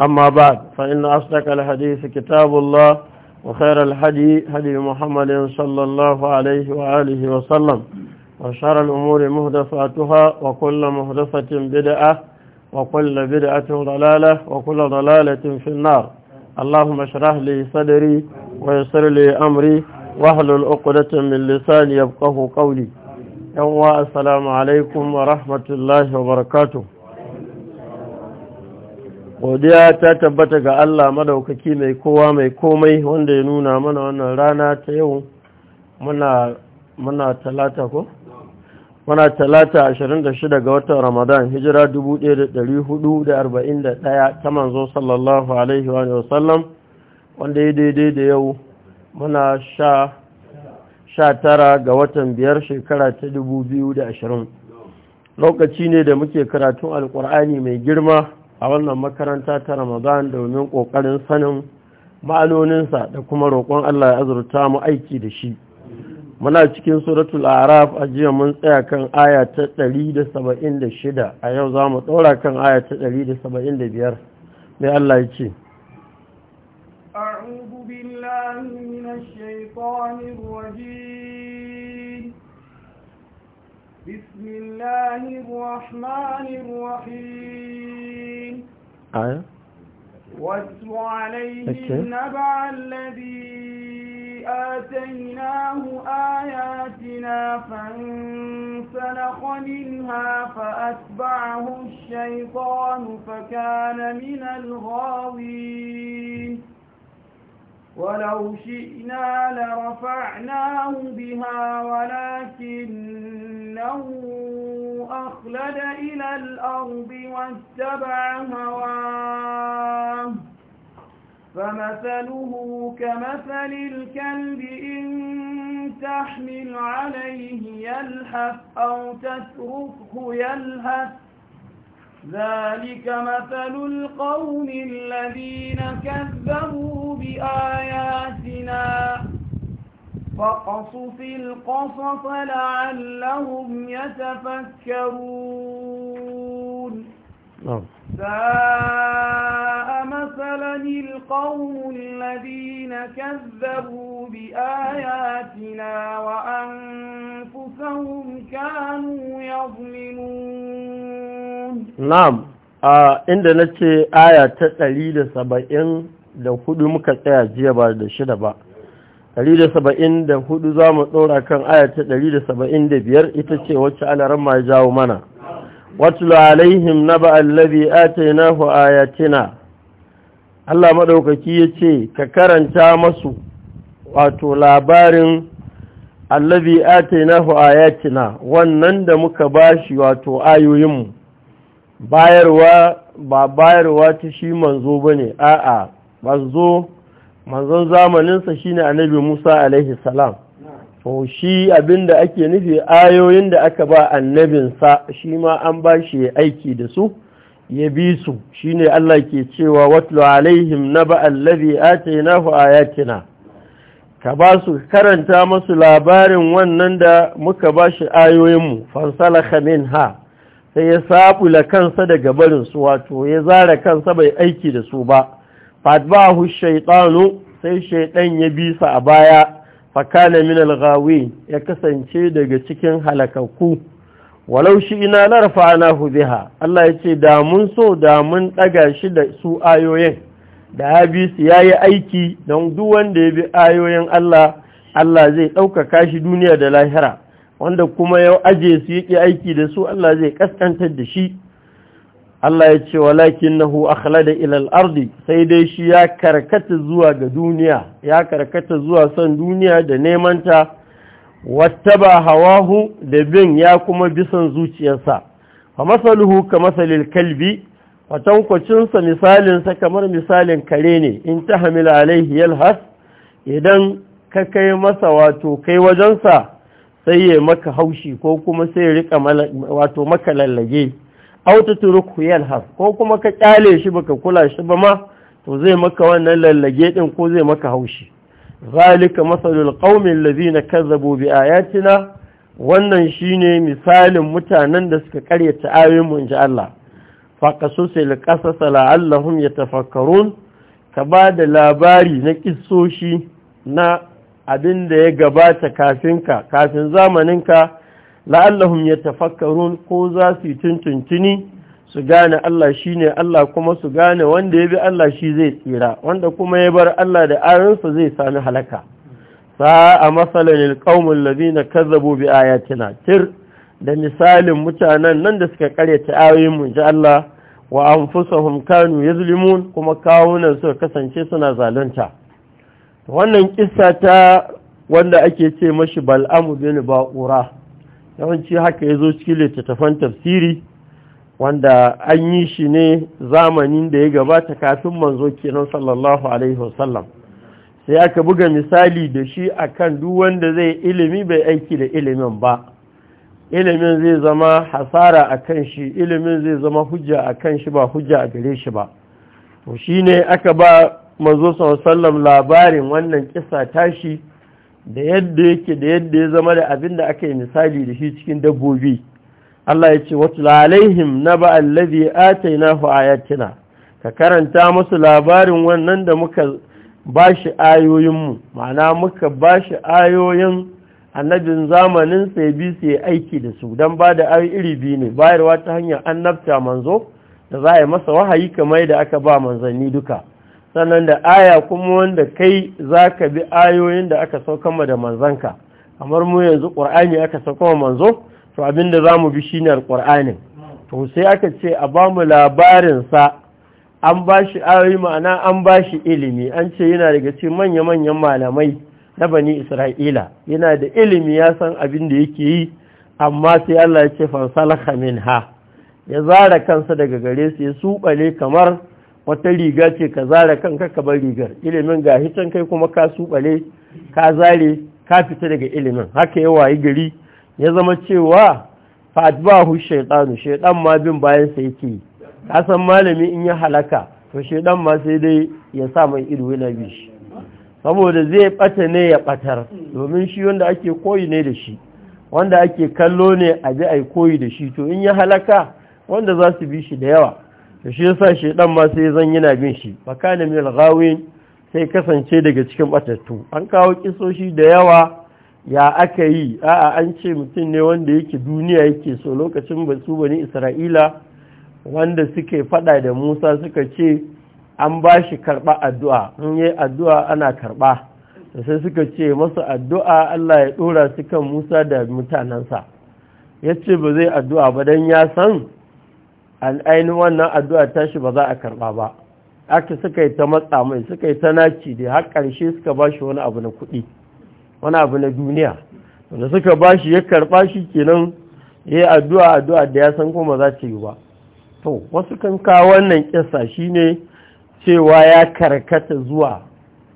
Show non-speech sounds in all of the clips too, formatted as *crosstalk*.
أما بعد فإن أصدق الحديث كتاب الله وخير الحدي هدي محمد صلى الله عليه وآله وسلم وشر الأمور مهدفاتها وكل مهدفة بدعة وكل بدعة ضلالة وكل ضلالة في النار اللهم اشرح لي صدري ويسر لي أمري واحلل عقدة من لساني يبقه قولي يوم السلام عليكم ورحمة الله وبركاته godiya ta tabbata ga Allah madaukaki mai kowa mai komai wanda ya nuna mana wannan rana ta yau muna muna talata ko muna talata 26 ga watan Ramadan hijira 1441 ta manzo sallallahu alaihi wa sallam wanda ya daidai da yau muna sha sha tara ga watan biyar shekara ta dubu biyu da ashirin lokaci ne da muke karatun alkur'ani mai girma a wannan makaranta ta ramadan domin ƙoƙarin sanin ma'anoninsa da kuma roƙon allah ya azurta mu aiki da shi muna cikin suratul araf a jiya mun tsaya kan aya ta 176 a yau za mu ɗora kan aya ta 175 mai allah ya ce أعوذ بالله من الشيطان الرجيم بسم الله الرحمن الرحيم aya wasu alaihin naba alladhi atainahu ayatina fansalakha minha fa'atba'ahu ash-shaytanu fakana min al-ghawin ولو شئنا لرفعناه بها ولكنه أخلد إلى الأرض واتبع هواه فمثله كمثل الكلب إن تحمل عليه يلهث أو تتركه يلهث ذلك مثل القوم الذين كذبوا بآياتنا فاقصف القصص لعلهم يتفكرون ساء مثلا القوم الذين كذبوا بآياتنا وأنفسهم كانوا يظلمون نعم inda na آية aya سبعين ɗari da saba'in da hudu muka tsaya jiya ba da shida ba ɗari da saba'in da hudu za mu ɗora kan aya ta ɗari da saba'in da biyar ita ce wacce alaran ma jawo mana واتل عليهم نبأ الذي آتيناه آياتنا Allah maɗaukaki ya ce, Ka karanta masu wato labarin allabi ate ayatina wannan da muka ba shi wato ayoyinmu, bayarwa ba bayarwa ta shi manzo ba ne, a'a, manzo, manzon zamaninsa shi ne annabi Musa alaihi salam. shi abin da ake nufi ayoyin da aka ba annabinsa shi ma an ba shi ya aiki da su ya bi su shi ne Allah ke cewa watlu alaihim na ba'allabi atainahu ayatina ka ba su karanta masu labarin wannan da muka ba shi ayoyinmu khamin ha sai ya sabula kansa daga barinsu wato ya zara kansa bai aiki da su ba fadbahu shaitanu sai shaiɗan ya bi su a baya fakane min al ya kasance daga cikin halakakku walau shi ina larfa'anahu biha Allah ya ce da mun so da mun daga shi da su ayoyin da Habisu ya yi aiki don duk wanda ya bi ayoyin Allah Allah zai ɗaukaka shi duniya da lahira wanda kuma yau aje su yake aiki da su Allah zai kaskantar da shi Allah ya ce walakin nahu akhlada ila al-ardi sai dai shi ya karkata zuwa ga duniya ya karkata zuwa son duniya da neman ta wattaba hawahu da bin ya kuma bisan zuciyarsa fa masaluhu ka masalil kalbi fatankwacin sa misalin sa kamar misalin kare ne in ta hamila alaihi yalhas idan ka kai masa wato kai wajensa sai ya maka haushi ko kuma sai ya rika wato maka lallage auta turku ko kuma ka kyale shi baka kula shi ba ma to zai maka wannan lallage din ko zai maka haushi zalika masalul qaumi allazina kazzabu bi ayatina wannan shine misalin mutanen da suka ta ayoyin mu inji Allah faqasusil qasas la'allahum yatafakkarun ka ba da labari na kissoshi na abin da ya gabata kafinka kafin zamaninka ya tafakkarun ko za su yi tuntuntuni su gane Allah shine Allah kuma su gane wanda ya bi Allah shi zai tsira wanda kuma ya bar Allah da aransa zai sami halaka sa'a masalan alqaumul ladina kazzabo bi yatina tir da misalin mutanen nan da suka karyata ayoyin mu ji Allah wa hunkanu ya zulimun kuma kawunan suka kasance suna zalunta wannan kissa ta wanda ake ce mashi bal'amu bin ba'ura yawanci haka ya zo cikin littattafan tafsiri wanda an yi shi ne zamanin da ya gabata kafin manzo kenan sallallahu alaihi wasallam sai aka buga misali da shi akan duk wanda zai ilimi bai aiki da ilimin ba ilimin zai zama hasara akan shi ilimin zai zama hujja akan shi ba hujja a gare shi ba to shine aka ba manzo sallallahu alaihi wasallam labarin wannan kisa tashi da yadda yake da yadda ya zama da abin da aka yi misali da shi cikin dabbobi Allah ya ce wasu lalaihim na ba'al ladhi a ayatina ka karanta musu labarin wannan da muka ba shi ayoyinmu ma'ana muka ba shi ayoyin annabin zamanin sai bi sai aiki da su don ba da ayoyi iri biyu ne bayarwa ta hanyar annabta manzo da za a yi masa wahayi kamar da aka ba manzanni duka sannan da aya kuma wanda kai za ka bi ayoyin da aka ma da manzanka kamar mu yanzu ƙur'ani aka ma manzo to abinda za mu bi shi ne alƙur'anin to sai aka ce a ba mu labarinsa an ba shi ayoyi ma'ana an ba shi ilimi an ce yana daga cikin manya-manyan malamai na bani isra'ila yana da ilimi ya san abin da yake yi amma sai allah ya ce fansalaka min ha ya zara kansa daga gare su ya suɓale kamar wata riga ce ka zara kanka ka bar rigar ilimin ga hitan kai kuma ka suɓale ka zare ka fita daga ilimin haka ya wayi gari ya zama cewa fadbahu shaitanu shaitan ma bin bayan sa yake ka san malami in ya halaka to shaitan ma sai dai ya sa mai ido yana bi shi saboda zai bata ne ya batar domin shi wanda ake koyi ne da shi wanda ake kallo ne a ji ai koyi da shi to in ya halaka wanda za su bi shi da yawa to shi yasa dan ma sai zan yana bin shi fakana min al sai kasance daga cikin batattu an kawo kisoshi da yawa ya aka yi a'a an ce mutum ne wanda yake duniya yake so lokacin basu bani isra'ila wanda suke fada da musa suka ce an ba shi karba addu'a in yayi addu'a ana karba da sai suka ce masa addu'a allah ya ɗora su kan musa da mutanensa ya ce ba zai addu'a ba don ya san ainihin wannan addu'a tashi ba za a karɓa ba aka suka yi ta matsa mai suka yi ta naci da har ƙarshe suka ba shi wani abu na kuɗi wani abu na duniya wanda suka ba shi ya karɓa shi kenan ya yi addu'a addu'a da ya san kuma za ta yi ba to wasu kan kawo wannan ƙisa shi ne cewa ya karkata zuwa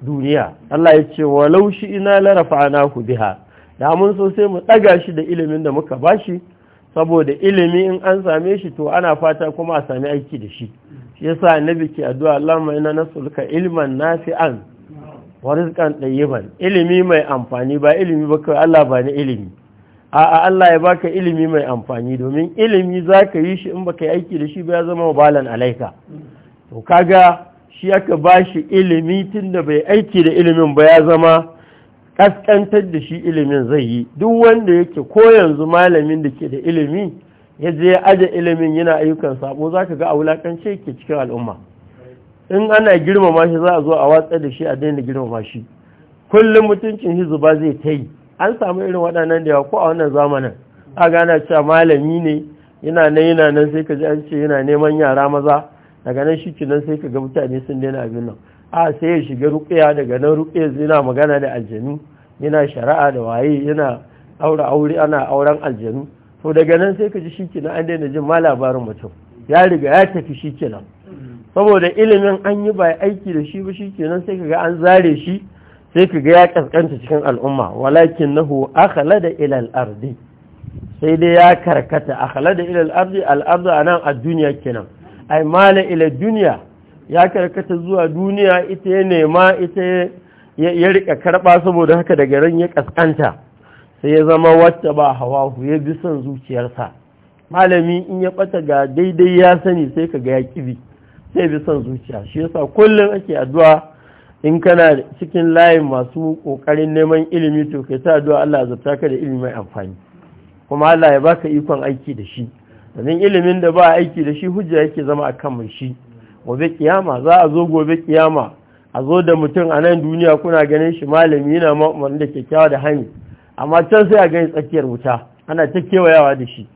duniya Allah ya ce walau shi ina larafa ku biha da mun so sai mu ɗaga shi da ilimin da muka ba shi saboda ilimi in an same shi to ana fata kuma a sami aiki da shi shi ya sa na biki addu'a Allahumma na sulka ilman nafi'an wa rizqan tayyiban ilimi mai amfani ba ilimi ba kai Allah ba ni ilimi a'a Allah ya baka ilimi mai amfani domin ilimi za ka yi shi in baka yi aiki da shi ba ya zama balan alaika to kaga shi aka bashi ilimi tun da bai aiki da ilimin ba ya zama ƙasƙantar da shi ilimin zai yi duk wanda yake ko yanzu malamin da ke da ilimi ya je aje ilimin yana ayyukan sabo za ka ga a wulaƙance ke cikin al'umma in ana girmama shi za a zo a watsa da shi a daina girmama shi kullum mutuncin hizuba zai ta yi an samu irin waɗannan da yawa ko a wannan zamanin a gana cewa malami ne yana nan yana nan sai ka ji an ce yana neman yara maza daga nan shi nan sai ka ga mutane sun daina abin nan a sai ya shiga rukiya daga nan rukiya yana magana da aljanu yana shari'a da waye yana aure aure ana auren aljanu to daga nan sai ka ji shikenan an daina jin ma labarin mutum ya riga ya tafi shikenan saboda ilimin an yi ba aiki da shi ba shikenan sai kaga an zare shi sai kaga ya kaskanta cikin al'umma walakin nahu akhala da ilal ardi sai dai ya karkata akhala da ilal ardi al ardi anan a duniya kenan ai mala ila duniya ya karkata zuwa duniya ita ya nema ita ya rika karɓa saboda haka daga ran ya ƙasƙanta sai ya zama wacce ba hawahu ya bi son zuciyarsa malami in ya ɓata ga daidai ya sani sai ka ga ya ƙibi sai bi son zuciya shi yasa kullum ake addu'a in kana cikin layin masu ƙoƙarin neman ilimi to kai ta addu'a Allah ya ka da ilimi mai amfani kuma Allah ya baka ikon aiki da shi domin ilimin da ba aiki da shi hujja yake zama akan mai shi gobe kiyama za a zo gobe kiyama a zo da mutum a nan duniya kuna ganin shi malami yana ma'amman da kyakkyawa da hanyar amma can sai a gani tsakiyar wuta ana ta kewayawa da shi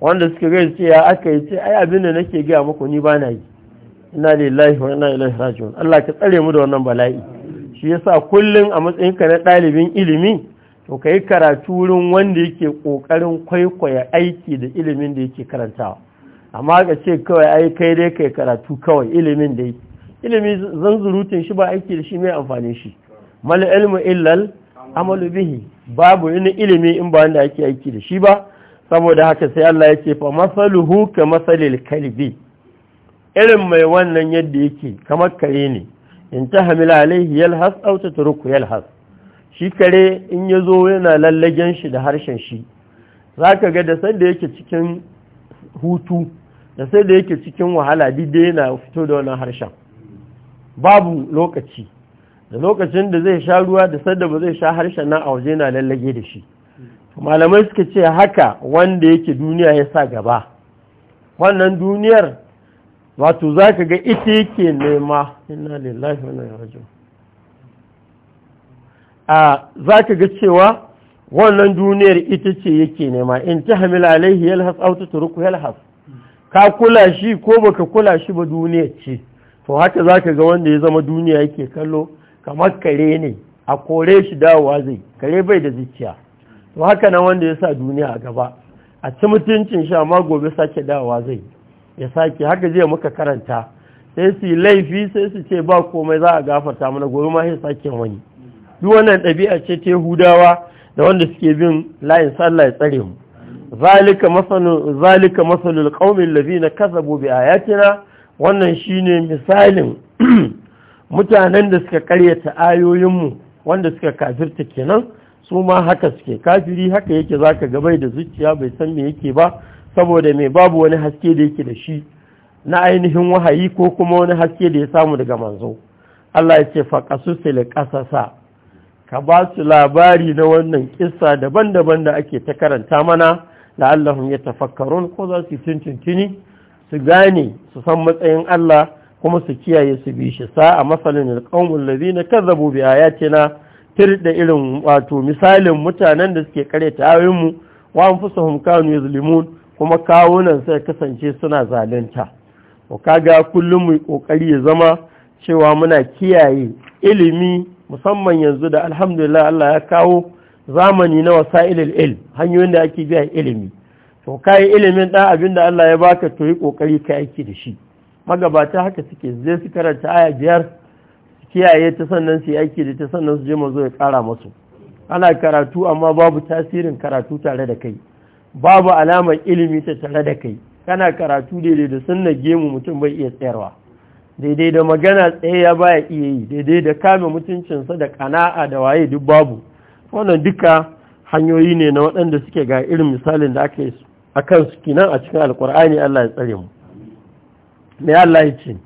wanda suka gani ce ya aka yi ce ai abin da nake gaya muku ni ba na yi ina lillahi wa ina ilaihi raji'un Allah ka tsare mu da wannan bala'i shi yasa kullum a matsayin ka na ɗalibin ilimi to kai karatu wurin wanda yake kokarin kwaikwaya aiki da ilimin da yake karantawa amma ka ce kawai ai kai dai kai karatu kawai ilimin da yake ilimi zanzurutun shi ba aiki da shi mai amfani shi mal ilmu illal amalu bihi babu wani ilimi in ba wanda ake aiki da shi ba saboda haka sai Allah ya fa masaluhu ka masalil kalbi irin mai wannan yadda yake kamar kare ne in ta hamil alaihi yalhas aw tatruku yalhas shi kare in yazo yana lallagen shi da harshen shi zaka ga da sanda yake cikin hutu da sai da yake cikin wahala didai yana fito da wannan harshen babu lokaci da lokacin da zai sha ruwa da sadda ba zai sha harshen na a waje na lallage da shi malamai suka ce haka wanda yake duniya ya sa gaba wannan duniyar wato za ka ga ita yake nema ina lillahi wani rajo a za ka ga cewa wannan duniyar ita ce yake nema in ta hamil alaihi yalhas autu turuku yalhas ka kula shi ko baka kula shi ba duniyar ce to haka za ka ga wanda ya zama duniya yake kallo kamar kare ne a kore shi dawowa zai kare bai da zuciya to haka nan wanda ya sa duniya a gaba a ci mutuncin shi amma gobe sake dawowa zai ya sake haka zai muka karanta sai su laifi sai su ce ba komai za a gafarta mana gobe ma sai sake wani duk wannan ɗabi'a ce ta hudawa da wanda suke bin layin sallah ya tsare mu zalika masalul qaumil ladina qaumin kasabu bi ayatina wannan shi ne misalin *clears throat* mutanen da suka karyata ayoyinmu wanda suka kafirta kenan su ma haka suke kafiri haka yake ka gabai da zuciya bai san me yake ba saboda mai babu wani haske da yake da shi na ainihin wahayi ko kuma wani haske da ya samu daga manzo Allah ya ce faqasusil ƙasasa ka ba su labari na wannan kisa daban-daban da ake ta karanta mana la'allahum yatafakkarun ko za su tuntuntuni su gane su san matsayin Allah kuma su kiyaye su bi shi sa'a masalin alqaumul ladina kazzabu bi na tirda irin wato misalin mutanen da suke ta mu wa sahun kanu yuzlimun kuma kawunan sai kasance suna zalunta ko kaga kullum mu kokari ya zama cewa muna kiyaye ilimi musamman yanzu da alhamdulillah Allah ya kawo zamani na wasa'ilil ilm hanyoyin da ake biya ilimi to kai ilimin dan abin da Allah ya baka to yi ƙoƙari ka aiki da shi magabata haka suke zai su karanta aya biyar su kiyaye ta sannan su yi aiki da ta sannan su je mazo ya ƙara masu ana karatu amma babu tasirin karatu tare da kai babu alamar ilimi ta tare da kai kana karatu daidai da sunna gemu mutum bai iya tsayarwa daidai da magana tsaye ya baya iya yi daidai da kame mutuncinsa da kana'a da waye duk babu wannan duka hanyoyi ne na waɗanda suke ga irin misalin da aka yi akan su kinan a cikin alkur'ani Allah ya tsare mu me Allah ya ce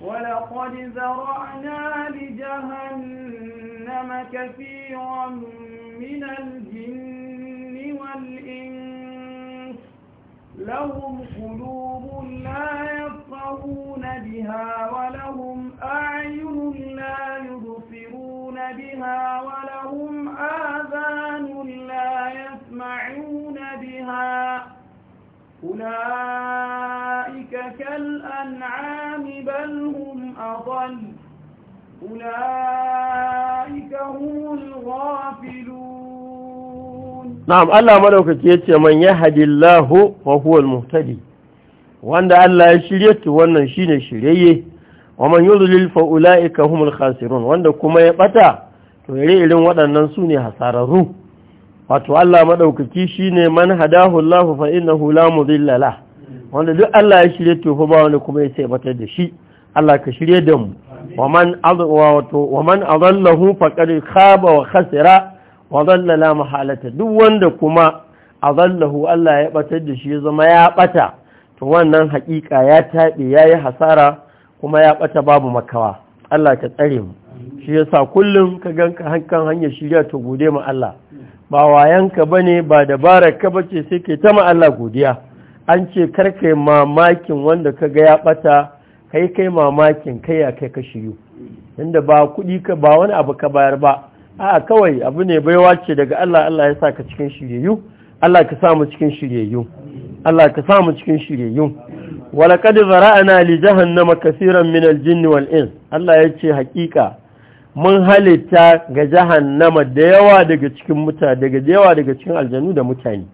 ولقد زرعنا لجهنم كثيرا من الجن والإنس لهم قلوب لا يفقهون بها ولهم أعين لا يبصرون بها ولهم آذان لا يسمعون بها أولئك كالأنعام بل هم أضل أولئك هم الغافلون na'am Allah madaukaki yace man yahdillahu wa huwa almuhtadi wanda Allah ya shirye to wannan shine shiryayye wa man yudlil fa ulaika humul khasirun wanda kuma ya bata to yare irin waɗannan sune hasararru wato Allah madaukaki shine man hadahu Allah fa innahu la mudilla la wanda duk Allah ya shirye to fa ba wani kuma ya bata da shi Allah ka shirye da mu wa man adwa wa man adallahu faqad khaba wa khasira wa zallala mahalata duk wanda kuma a zallahu Allah ya batar da shi ya zama ya bata to wannan hakika ya taɓe ya yi hasara kuma ya bata babu makawa Allah ka tsare mu shi yasa kullum ka ganka hankan hanyar shirya to gode ma Allah ba wayanka bane ba dabarar ka bace sai ke ta ma Allah godiya an ce karka mamakin wanda ka ga ya bata kai kai mamakin kai ya kai ka shiyu inda ba kuɗi ka ba wani abu ka bayar ba a kawai abu ne baiwa ce daga Allah Allah ya sa ka cikin shiryayyu Allah ka samu cikin shiryayyu Allah ka samu cikin shiryayyu wala qad zara'na li jahannama kaseeran min al-jinni wal ins Allah yace hakika mun halitta ga jahannama da yawa daga cikin mutane daga yawa daga cikin aljanu da mutane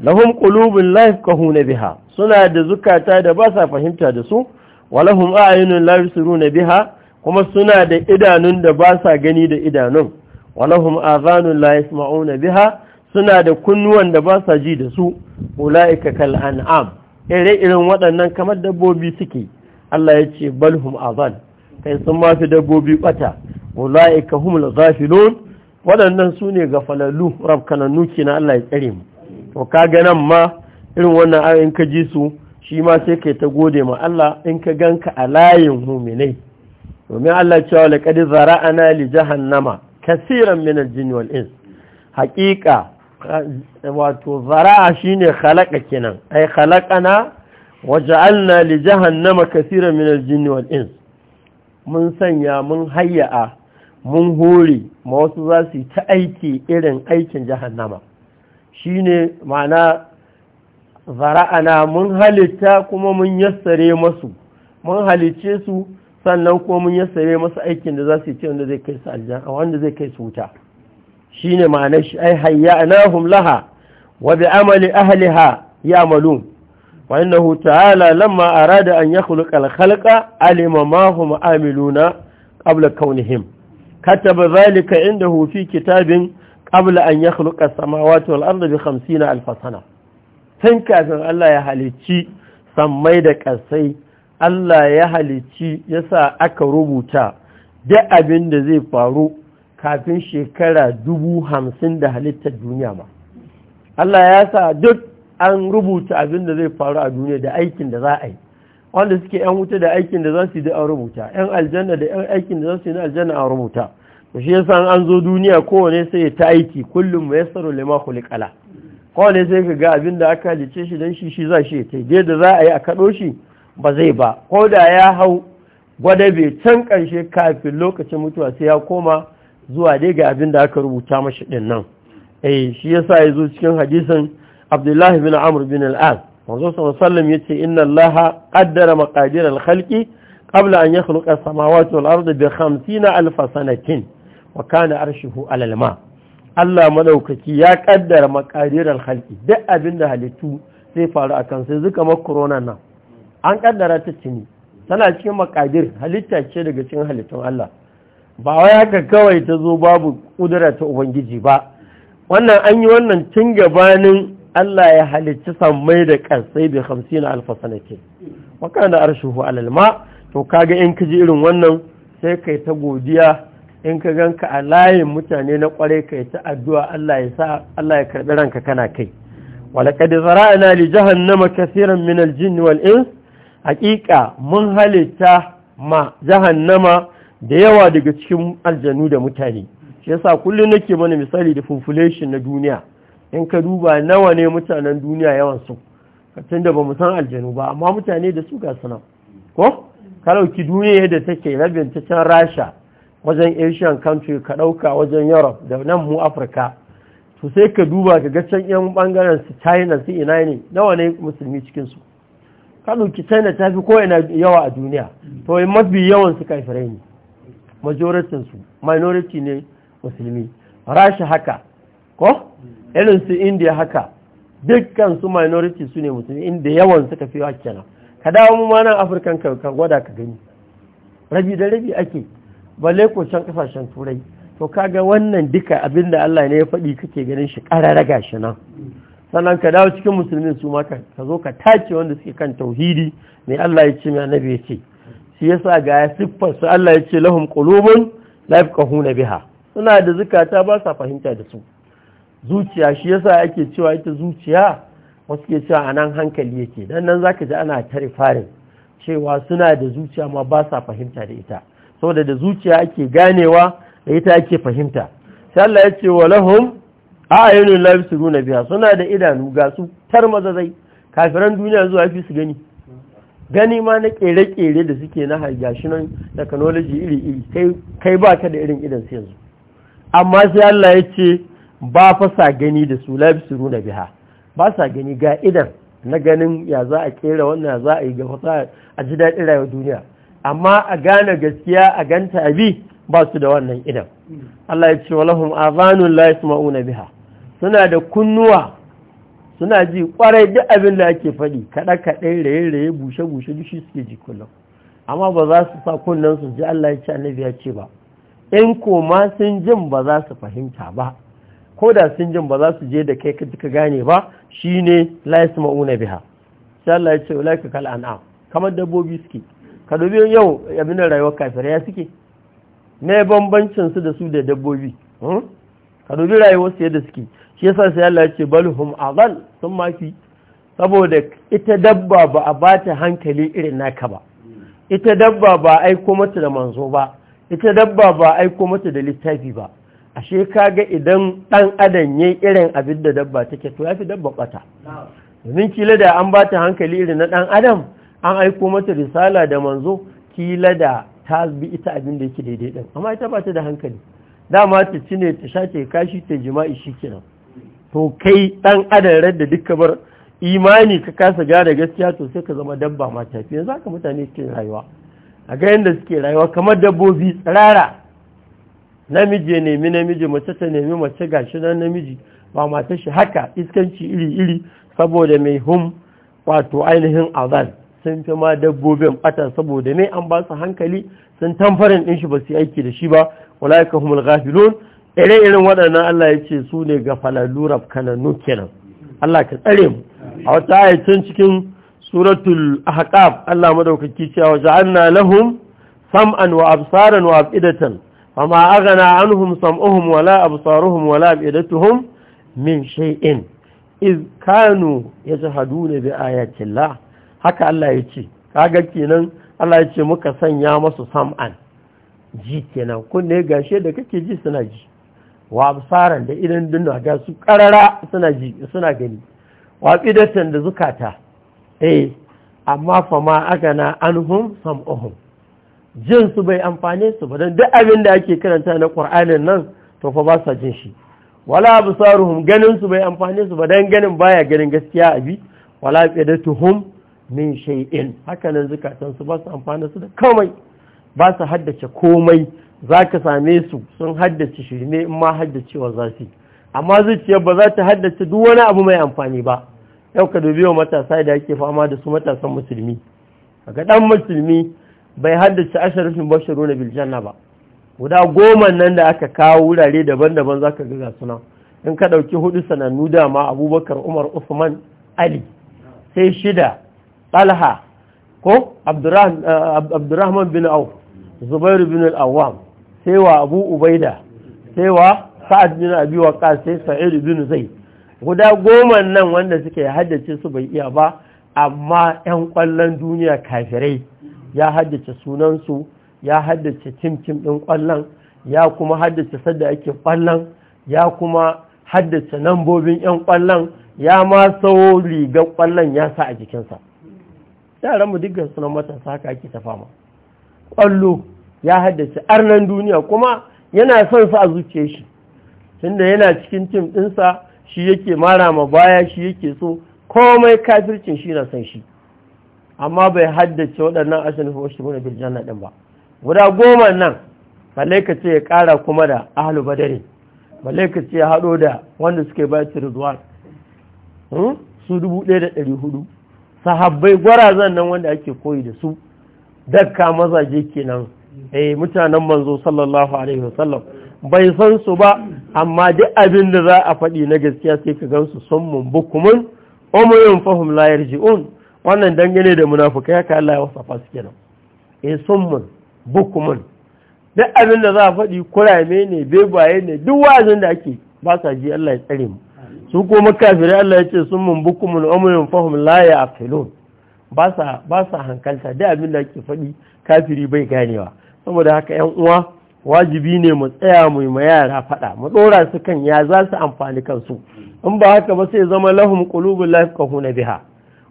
lahum qulubun la yafqahuna biha suna da zukata da ba sa fahimta da su walahum a'yunun la yusiruna biha kuma suna da idanun da ba sa gani da idanun walahum azanun la yasma'una biha suna da kunnuwan da ba sa ji da su ulaika kal an'am ire irin waɗannan kamar dabbobi suke Allah ya ce balhum azan kai sun ma fi dabbobi bata ulaika humul ghafilun waɗannan su ne gafalallu nuki na Allah ya tsare mu to kaga nan ma irin wannan ayoyin ka ji su shi ma sai kai ta gode ma Allah in ka ganka a layin muminai domin Allah ya ce wa laqad zara'ana li jahannama kasiran min aljin wal ins wato zara'a shine khalaqa kenan ai khalaqana waja'alna li jahannama kasiran min aljin wal ins mun sanya mun hayya'a mun hore ma wasu za su ta aiki irin aikin jahannama shine ma'ana zara'ana mun halitta kuma mun yassare masu mun halicce su sannan kuma mun yassare masu aikin da za su ce wanda zai kai su aljanna wanda zai kai su wuta shine ma'anar shi ai hayyanahum laha wa bi amali ahliha ya'malun wa innahu ta'ala lamma arada an yakhluqa al-khalqa alima ma hum amiluna qabla kaunihim kataba zalika inda hufi kitabin qabla an yakhluqa as-samawati wal arda bi 50 alf sana tun kafin Allah ya halicci sammai da ƙasai. Allah ya halici ya sa aka rubuta duk abin da zai faru kafin shekara dubu hamsin da halittar duniya ma Allah ya sa duk an rubuta abin da zai faru a duniya da aikin da za a yi wanda suke yan wuta da aikin da za su yi an rubuta yan aljanna da yan aikin da za su yi na aljanna an rubuta to shi yasa an zo duniya kowane sai ta aiki kullum mai yassaru lima kala kowane sai ka ga abin da aka halice shi don shi shi za shi ya ta da za a yi a kaɗo shi ba zai ba ko da ya hau gwada bai can ƙarshe kafin lokacin mutuwa sai ya koma zuwa dai ga abin da aka rubuta mashi ɗin nan eh shi yasa ya zo cikin hadisin abdullahi bin amr bin al'ad manzo Sallam ya ce inna allaha qaddara maqadir al-khalqi qabla an yakhluqa as-samawati wal arda bi 50 alf sanatin wa kana arshuhu ala Allah madaukaki ya ƙaddara maqadir al-khalqi duk abin da halittu zai faru akan sai zuka mak nan an kaddara ta tuni tana cikin makadir halitta ce daga cikin halittun Allah ba wai haka kawai ta zo babu kudura ta ubangiji ba wannan an yi wannan tun gabanin Allah ya halicci sammai da kansai bi 50 alfa sanatin wa kana arshuhu alal ma to kaga in kaji irin wannan sai kai ta godiya in ka ganka a layin mutane na kwarai kai ta addu'a Allah ya sa Allah ya karbi ranka kana kai wa laqad zara'na li jahannama kaseeran min al-jinni wal-ins haƙiƙa mun halitta ma jahannama da yawa daga cikin aljanu da mutane shi yasa kullum nake mana misali da population na duniya in ka duba nawa ne mutanen duniya yawan su tun da ba mu san aljanu ba amma mutane da su ga sanan ko ka ɗauki duniya yadda take rabin ta can rasha wajen asian country ka ɗauka wajen europe da nan mu afirka to sai ka duba ka ga can yan bangaren su china su ina ne nawa ne musulmi cikin su ka ɗauki china ta fi ko ina yawa a duniya to yi mafi yawan su kafirai ne majoritin minority ne musulmi rasha haka ko irin su india haka dukkan su minority su ne musulmi inda yawan suka fi kenan ka dawo mu nan afirkan ka gwada ka gani rabi da rabi ake balle ko can kasashen turai to kaga wannan duka abinda Allah ne ya faɗi kake ganin shi ƙararraga shi nan sannan ka dawo cikin musulmi su maka ka zo ka tace wanda suke kan tauhidi mai Allah ya ce mai annabi ya ce shi yasa ga siffar su Allah ya ce lahum qulubun la yafqahuna biha suna da zukata ba sa fahimta da su zuciya shi yasa ake cewa ita zuciya wasu ke cewa anan hankali yake dan nan zaka ji ana tare farin cewa suna da zuciya ma ba sa fahimta da ita saboda da zuciya ake ganewa da ita ake fahimta sai Allah ya ce wa lahum a ayyunan lafi na biya suna da idanu ga su tar mazazai kafiran duniya zuwa fi su gani gani ma na kere-kere da suke na harga shi nan technology iri-iri kai ba ka da irin idan su yanzu amma sai Allah ya ce ba fa sa gani da su lafi su na biya ba sa gani ga idan na ganin ya za a kera wannan ya za a yi ga fasa a ji daɗin rayuwar duniya amma a gane gaskiya a ganta abi ba su da wannan idan hmm. Allah ya ce walahum azanun la yasma'una biha suna da kunnuwa suna ji kwarai duk abin da ake faɗi kaɗe-kaɗe raye-raye bushe-bushe dushi suke ji kullum amma ba za su sa kunnen su ji Allah ya ce annabi ya ce ba in koma sun jin ba za su fahimta ba ko da sun jin ba za su je da kai ka ka gane ba shine la yasma'una biha sai Allah ya ce ulaika kal an'am kamar dabbobi suke ka dubi yau abin da rayuwar kafirai ya suke me bambancin su da su da dabbobi hmm? ka dubi rayuwar su yadda suke shi yasa sai Allah ya ce balhum adal sun mafi saboda ita dabba ba a ba ta hankali irin naka ba ita dabba ba aiko mata da manzo ba ita dabba ba aiko mata da littafi ba ashe kaga idan dan adam yayi irin abin da dabba take to yafi dabba bata domin kila da an ba ta hankali irin na dan adam an aiko mata risala da manzo kila da ta bi ita abin da yake daidai din amma ita ba ta da hankali dama ta cine ta sha kashi ta jima'i shi kenan. to kai ɗan adam da duka bar imani ka kasa gane gaskiya to sai ka zama dabba ma tafiya za ka mutane ke rayuwa a ga yadda suke rayuwa kamar dabbobi tsirara namiji ya nemi namiji mace ta nemi mace gashi nan namiji ba mata shi haka iskanci iri-iri saboda mai hum wato ainihin azan sun fi ma dabbobin bata saboda mai an ba su hankali sun tamfarin ɗin shi ba su yi aiki da shi ba wala ka humul gafilun ire irin waɗannan Allah ya ce su ne ga falalu rafkananu kenan Allah ka tsare mu a wata ayatun cikin suratul ahqaf Allah madaukaki wa ja'alna lahum sam'an wa absaran wa afidatan agana, aghna anhum sam'uhum wala absaruhum wala afidatuhum min shay'in iz kanu yajhaduna bi ayati Allah haka Allah ya ce kaga kenan Allah ya ce muka sanya masu sam'an ji kenan ne, gashe da kake ji suna ji wa da idan dunna ga su karara suna ji suna gani wa da zukata eh amma fa ma agana anhum sam'uhum jin su bai amfane su ba dan duk abin da ake karanta na Qur'anin nan to fa ba sa jin shi wala absaruhum ganin su bai amfane su ba dan ganin baya ganin gaskiya abi wala qidatuhum min shay'in haka nan zukatan su ba su amfane su da komai ba su haddace komai za ka same su sun haddace shirme in ma haddacewa za su amma zuciyar ba za ta haddace duk wani abu mai amfani ba yau ka dubi wa matasa da ake fama da su matasan musulmi ga ɗan musulmi bai haddace asharifin bashiru na biljanna ba guda goma nan da aka kawo wurare daban-daban za ka ga suna in ka ɗauki hudu sanannu dama abubakar umar usman ali sai shida talha ko abdurrahman bin auf zubairu bin al'awam sai wa abu ubaida sai wa sa'ad bin abi waqas sai sa'id bin zaid guda goma nan wanda suke haddace su bai iya ba amma yan kwallon duniya kafirai ya haddace sunansu ya haddace cimcim ɗin kwallon ya kuma haddace sadda ake kwallon ya kuma haddace nambobin yan kwallon ya ma sawo rigar kwallon ya sa a jikinsa yaran mu dukkan sunan matasa haka ake ta fama kwallo ya haddace arnan duniya kuma yana son su a zuciye shi tunda yana cikin tim ɗinsa shi yake mara ma baya shi yake so komai kafircin shi na san shi amma bai haddace waɗannan ashirin fi wasu muna birjanna ɗin ba guda goma nan balle ce ya ƙara kuma da ahalu badari balle ka ce ya haɗo da wanda suke bayar su rizwan hmm? su dubu ɗaya da ɗari hudu sahabbai gwarazan nan wanda ake koyi da su dakka mazaje kenan eh mutanen manzo sallallahu alaihi wasallam bai san su ba amma duk abin da za a faɗi na gaskiya sai ka gansu mun bukumun umurin fahim la yarji'un wannan dangane da munafikai haka Allah ya wasafa su kenan eh mun bukumun duk abin da za a faɗi kurame ne bebaye ne duk wazin da ake ba sa ji Allah ya tsare mu su ko makafirai Allah ya ce sun mun bukumun umurin fahim la ya'qilun ba sa ba sa hankalta duk abin da ake faɗi kafiri bai ganewa saboda haka yan uwa wajibi ne mu tsaya mu yi yara faɗa mu ɗora su kan ya za su amfani kansu in ba haka ba sai zama lahum qulubul la yafqahuna biha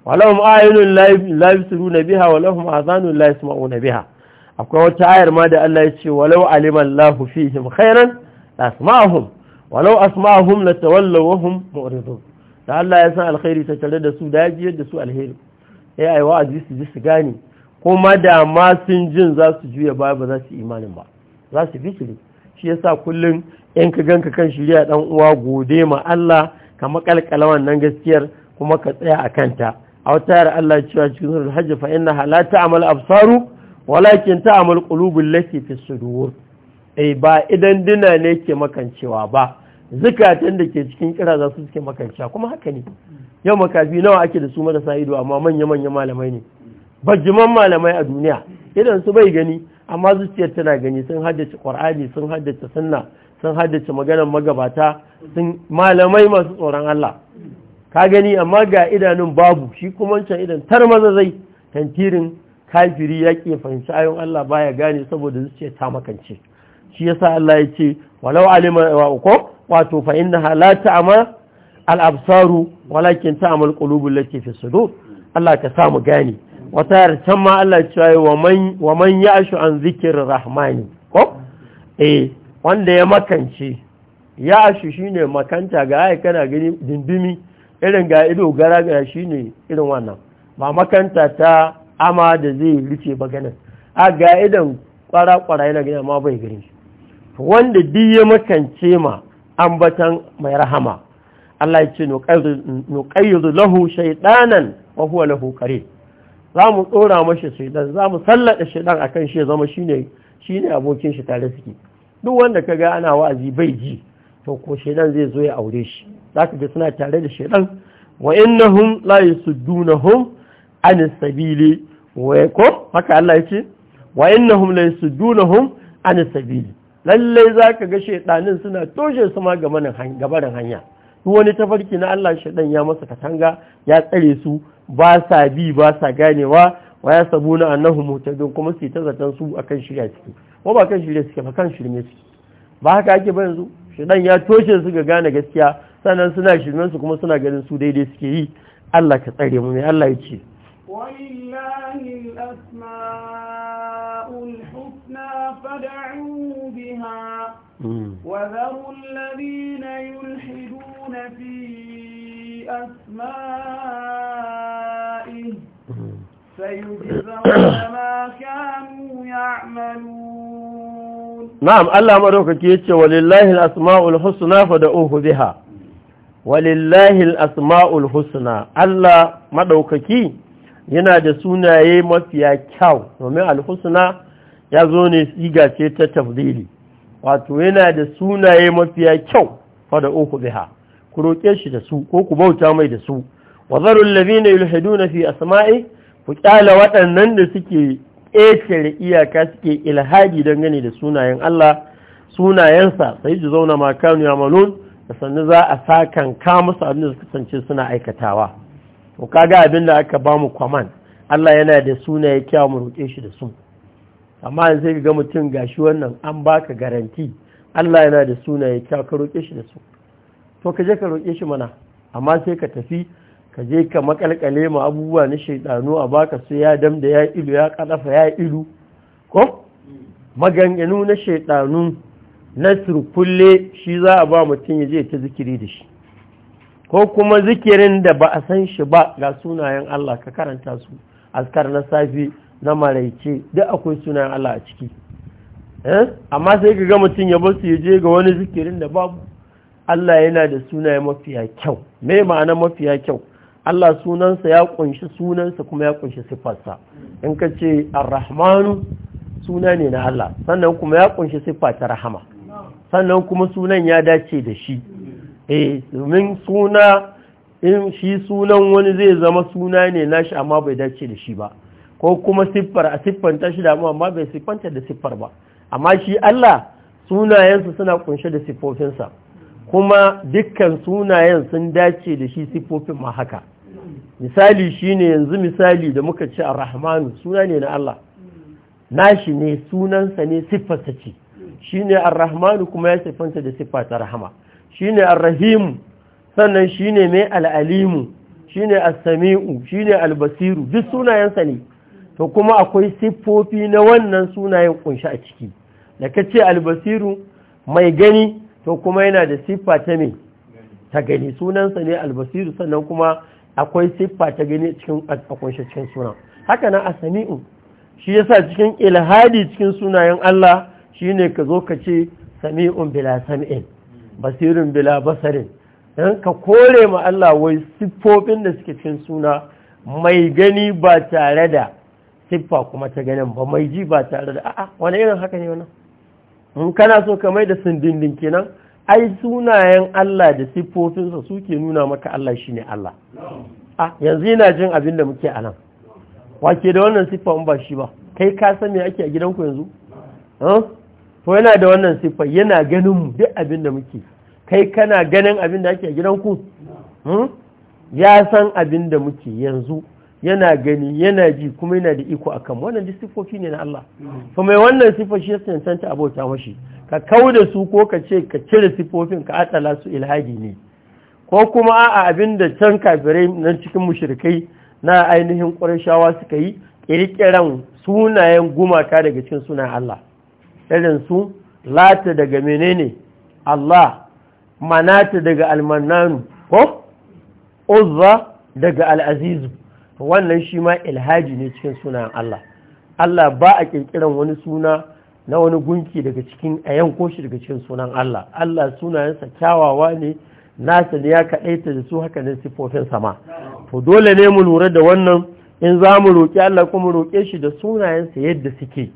wa lahum ayunun la yabsiruna biha wa lahum adhanun la yasma'una biha akwai wata ayar ma da Allah ya ce walau alima Allahu fihim khairan asma'ahum walau asma'ahum latawallaw wa hum mu'ridun da Allah ya san alkhairi ta tare da su da ya ji yadda su alheri sai ai wa'azi su ji su gane kuma da sun jin za su juya baya ba za su imanin ba za su fikiri shi yasa kullum in ka gan ka kan shirya dan uwa gode ma Allah ka makalkala wannan gaskiyar kuma ka tsaya a kanta a wata yara Allah cewa cikin hajja hajji fa inna la ta'mal absaru walakin ta'mal qulubul lati fi sudur E, ba idan dina ne ke makancewa ba zukatan da ke cikin kira za su suke makancewa kuma haka ne yau makafi nawa ake da su marasa ido amma manya manya malamai ne bajiman malamai a duniya idan su bai gani amma zuciyar tana gani sun haddace ƙwar'ani sun haddace sunna sun haddace maganar magabata sun malamai masu tsoron Allah ka gani amma ga idanun babu shi kuma can idan tar maza zai tantirin kafiri ya ke fahimci ayon Allah baya gane saboda zuciyar ta makance shi yasa Allah ya ce walau alima wa uku wato fa inna la ta'ma al absaru walakin ta'mal qulubul lati fi sudur Allah ka samu gane wata can ma Allah cewa wa man ya shi an zikir rahmani ko? eh wanda ya makance ya shi shi ne makanta ga haya kana gani dindimi irin ga ido gara ga shi ne irin wannan ba makanta ta ama da zai rice ba ganin a ga idan kwara-kwara yana gani amma bai gani wanda di ya makance ma ambatan mai rahama Allah ya ce nuqayyidu lahu shaytanan wa huwa lahu karim za mu tsora mashi shaidan za mu sallada shaidan a kan shi ya zama shi ne abokin shi tare suke duk wanda ka ga ana wa'azi bai ji to ko shaidan zai zo ya aure shi za ka ga suna tare da shaidan wa innahum la yasuddunahum an sabili wa ko haka Allah ce? wa innahum la yasuddunahum an sabili lallai za ka ga shaidanin suna toshe su ma gabanin hanya wani tafarki na Allah shaɗan ya masa katanga ya tsare su ba sa bi ba sa ganewa wa ya sabu na annahu mutadun kuma su ta zaton su akan shirya ciki ko ba kan shirya suke ba kan shirme ba haka ake ba yanzu shaɗan ya toshe su ga gane gaskiya sannan suna shirmen su kuma suna ganin su daidai suke yi Allah ka tsare mu ne Allah ya ce وَلِلَّهِ الْأَسْمَاءُ الْحُسْنَى فَادْعُوهُ بِهَا وَذَرُوا الَّذِينَ يُلْحِدُونَ فِي أَسْمَائِهِ سَيُجْزَوْنَ *coughs* مَا كَانُوا يَعْمَلُونَ نعم الله مروك كيتش وَلِلَّهِ الْأَسْمَاءُ الْحُسْنَى فَادْعُوهُ بِهَا ولله الأسماء الحسنى الله maɗaukaki yana da sunaye mafiya kyau domin alhusna ya zo ne siga ce ta tafdili wato yana da sunaye mafiya kyau fada uku biha ku roƙe shi da su ko ku bauta mai da su wa zarul ladina yulhiduna fi asma'i ku kyala waɗannan da suke ƙetare iyaka suke ilhadi gani da sunayen Allah sunayensa sai ji zauna ma kanu malun da sannu za a sakan ka musu abin da suka kasance suna aikatawa to kaga abin da aka bamu kwaman Allah yana da suna ya kyawa mu roƙe shi da su amma yanzu ga mutum gashi wannan an baka garanti Allah yana da suna ya kyawa ka roƙe shi da su to ka je ka roƙe shi mana amma sai ka tafi ka je ka makalkale ma abubuwa na shaidanu a baka su ya damda da ya ilu ya kadafa ya ilu ko maganganu na shaidanu na surkulle shi za a ba mutum ya je ta zikiri da shi ko kuma zikirin da ba a san shi ba ga sunayen Allah ka karanta su askar na safi na maraice duk akwai sunayen Allah a ciki eh? amma sai ka ga mutum ya basu ya je ga wani zikirin da babu Allah yana da sunaye mafiya kyau mai ma'ana mafiya kyau Allah sunansa ya kunshi sunansa kuma ya kunshi siffarsa in ka ce al suna ne na Allah sannan kuma ya kunshi siffa ta rahama sannan kuma sunan ya dace da shi eh domin suna in shi sunan wani zai zama suna ne nashi amma bai dace da shi ba ko kuma siffar a siffanta shi da amma bai siffanta da siffar ba amma shi Allah sunayensu suna kunshe da siffofinsa kuma dukkan sunayen sun dace da shi siffofin ma haka misali shi ne yanzu misali da muka ci a rahmanu suna ne na Allah nashi ne sunansa ne siffarsa ce Shi ne a rahmanu kuma ya siffanta da siffa ta rahama shine arrahimu Rahimu sannan shine mai Al'alimu. Shi shine as-sami'u shine al-basiru duk sunayensa ne to kuma akwai siffofi na wannan sunayen kunshi a ciki da kace al-basiru mai gani to kuma yana da siffa ta mai ta gani sunansa ne al-basiru sannan kuma akwai siffa ta gani cikin kunshi cikin suna. haka nan as-sami'u shi yasa cikin ilhadi cikin sunayen Allah shine ka zo ka ce sami'un bila sami'in basirin bila basarin don ka kore ma Allah wai siffofin da suke cin suna mai gani ba tare da siffa kuma ta ganin ba mai ji ba tare da a'a wani irin haka ne wani in kana so ka mai da sindindin kenan ai sunayen Allah da siffofinsa suke nuna maka Allah shi ne Allah a ah, yanzu yana jin abin da muke anan wake da wannan siffa in ba shi ba kai ka san me ake a gidanku yanzu to yana da wannan siffar yana ganin mu duk abin da muke kai kana ganin abin da ake gidan gidanku hmm? ya san abin da muke yanzu yana gani yana ji kuma yana da iko akan wannan duk siffofi ne na Allah to mai wannan siffar shi yasa cancanta abota mashi ka kau da su ko ka ce ka cire siffofin ka atala su ilhadi ne ko kuma a abin da can kafirai na cikin mushrikai na ainihin ƙurashawa suka yi ƙirƙiran sunayen gumaka daga cikin sunan Allah irin su lata daga menene Allah manata daga almananu ko uzza daga al'azizu wannan shi ma ilhaji ne cikin sunayen Allah Allah ba a ƙirƙiran wani suna na wani gunki daga cikin a yanko daga cikin sunan Allah Allah sunayensa kyawawa ne nasa ne ya kaɗaita da su haka ne siffofin sama to dole ne mu lura da wannan in za mu roƙi Allah kuma roƙe shi da sunayensa yadda suke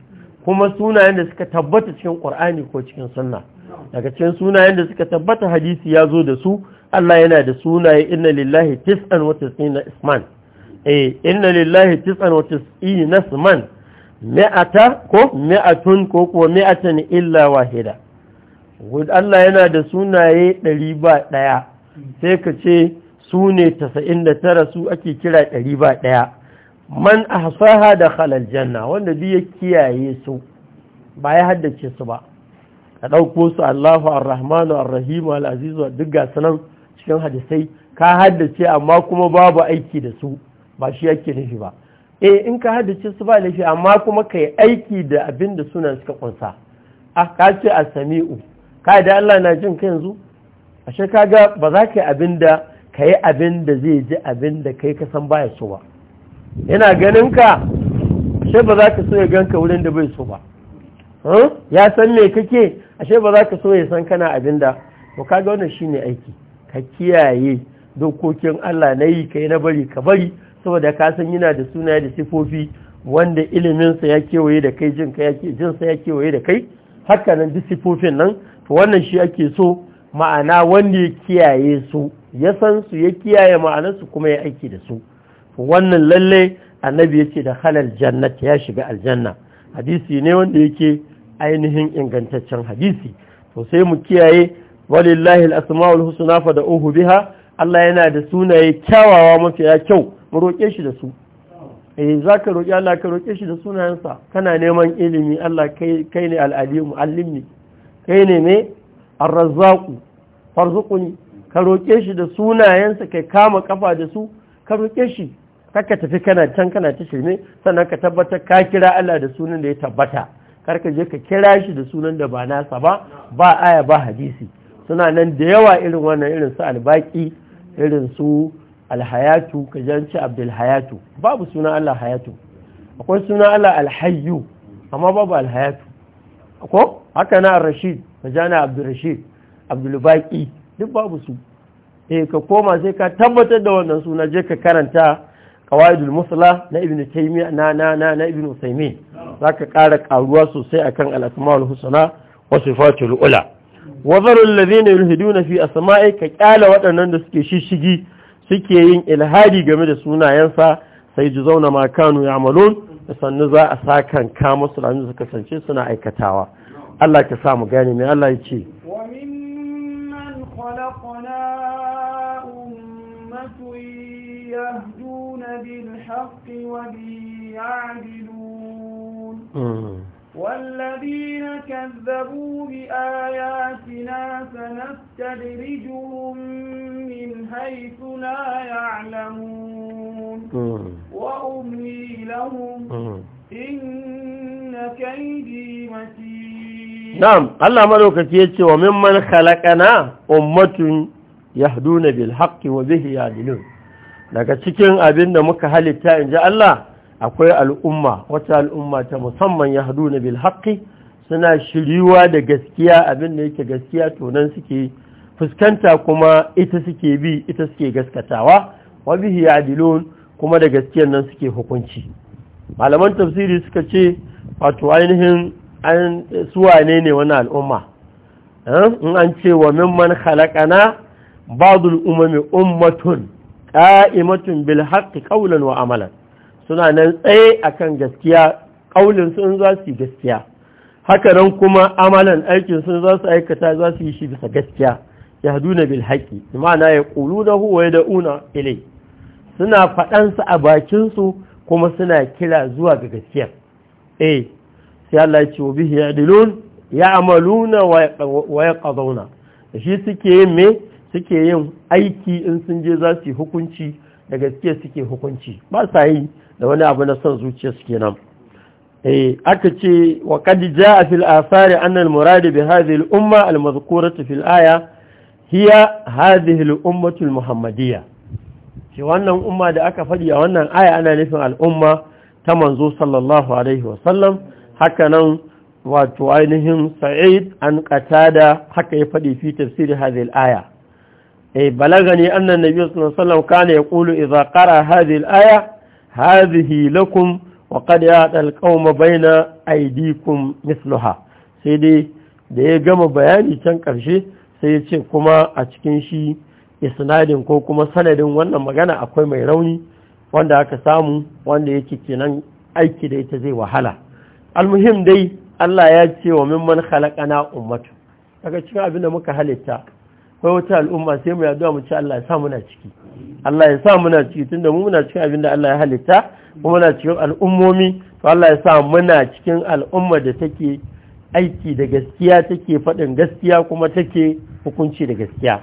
kuma sunayen da suka tabbata cikin ƙur'ani ko cikin sunna daga cikin sunayen da suka tabbata hadisi ya zo da su Allah yana da sunaye inna lillahi tis'an wa tis'ina isman eh inna lillahi tis'an wa tis'ina isman mi'ata ko mi'atun ko kuwa mi'atan illa wahida Allah yana da sunaye ɗari ba ɗaya sai ka ce su ne tasa'in da tara su ake kira ɗari ba ɗaya man a ahsaha da khalal janna wanda duk ya kiyaye su ba ya haddace su ba ka ɗauko su Allahu ar-Rahmanu ar-Rahimu al-Azizu duk ga sanan cikin hadisai ka haddace amma kuma babu aiki da su ba shi yake nufi ba eh in ka haddace su ba nufi, amma kuma kai aiki da abin da sunan suka kunsa ah ka ce as-sami'u ka da Allah na jin ka yanzu ashe kaga ba za ka yi abin da kai abin da zai ji abin da kai ka san baya so ba yana ganin ka ashe ba za ka so ya ganka wurin da bai so ba ya san me kake ashe ba za ka so ya san kana abin da to kaga wannan shine aiki ka kiyaye dokokin Allah na yi kai na bari ka bari saboda ka san yana da suna da sifofi wanda iliminsa ya kewaye da kai jinka ya jinsa ya kewaye da kai haka nan duk sifofin nan to wannan shi ake so ma'ana wanda ya kiyaye su ya san su ya kiyaye ma'anarsu kuma ya aiki da su wannan lalle annabi ya ce da halal jannat ya shiga aljanna hadisi ne wanda yake ainihin ingantaccen hadisi to sai mu kiyaye walillahi al-asmaul husna fad'uhu biha Allah yana da sunaye kyawawa ya kyau mu roƙe shi da su eh zaka roki Allah ka roƙe shi da sunayensa kana neman ilimi Allah kai kai ne al-alim allimni kai ne me ar-razzaq farzuqni ka roƙe shi da sunayensa kai kama kafa da su ka roƙe shi ka tafi kana can kana ta shirme sannan ka tabbatar ka kira Allah da sunan da ya tabbata kar ka je ka kira shi da sunan da ba nasa ba ba aya ba hadisi suna nan da yawa irin wannan irin su albaki irin su alhayatu ka janci abdulhayatu babu sunan Allah hayatu akwai sunan Allah alhayyu amma babu alhayatu ko haka na rashid ka jana abdulrashid abdulbaki duk babu su eh ka koma sai ka tabbatar da wannan suna je ka karanta qawaidul musula na ibnu taymiya na na na na ibnu usaymin zaka ƙara karuwa sosai akan al-asmaul husna wa sifatul ula wa zarul ladina yulhiduna fi asma'i ka kyala waɗannan da suke shishigi suke yin ilhadi game da sunayensa sai ji zauna ma kanu Da sannu za a sa kan ka musu da kasance suna aikatawa Allah ka sa mu gane me Allah ya ce wa بالحق وبه يعدلون والذين كذبوا بآياتنا سنستدرجهم من حيث لا يعلمون وأملي لهم إن كيدي متين نعم الله ملوك تيتي وممن خلقنا أمة يهدون بالحق وبه يعدلون daga cikin abin da muka halitta in ji Allah akwai al'umma wata al'umma ta musamman ya haɗu na bilhaƙi suna shiriwa da gaskiya abin da yake gaskiya tonan suke fuskanta kuma ita suke bi ita suke gaskatawa wabihi ya kuma da gaskiyar nan suke hukunci malaman tafsiri suka ce wato ainihin an suwane ne wani al'umma eh, in an ce wa mimman halakana ba'dul umami ummatun qa'imatun bil haqqi qawlan wa amalan suna nan tsaye akan gaskiya ƙaunin sun za su gaskiya haka nan kuma amalan aikin sun za aikata za su yi shi bisa gaskiya yahduna bil haqqi ma'ana yaqulunahu wa yad'una ilay suna faɗansa a bakinsu kuma suna kira zuwa ga gaskiya eh sai Allah ya ce wa bihi ya'dilun ya'maluna wa yaqaduna shi suke yin me suke yin aiki in sun je za su yi hukunci da gaske suke hukunci ba sa yi da wani abu na son zuciya suke nan eh aka ce wa qad jaa fil asari anna al murad bi hadhihi al umma al madhkurati fil aya hiya hadhihi al ummatu al muhammadiyya ce wannan umma da aka faɗi a wannan aya ana nufin al umma ta manzo sallallahu alaihi wa sallam haka nan wato ainihin sa'id an qatada haka ya faɗi fi tafsiri hadhihi al aya mai eh, balagani ne nabi sallallahu alaihi wasallam kana yaqulu idza qara hadhihi al-aya hadhihi lakum wa qad ya'ta al-qauma bayna aydikum mislaha sai dai da ya gama bayani can karshe sai ya ce kuma a cikin shi isnadin ko kuma sanadin wannan magana akwai mai rauni wanda aka samu wanda yake kenan aiki da ita zai wahala almuhim dai Allah ya ce wa mimman khalaqana ummatu daga cikin abin da muka halitta kai wata al'umma sai mu yaduwa mu ci Allah ya sa muna ciki Allah ya sa muna ciki tunda mu muna cikin abin da Allah ya halitta kuma muna cikin al'ummomi to Allah ya sa muna cikin al'umma da take aiki da gaskiya take faɗin gaskiya kuma take hukunci da gaskiya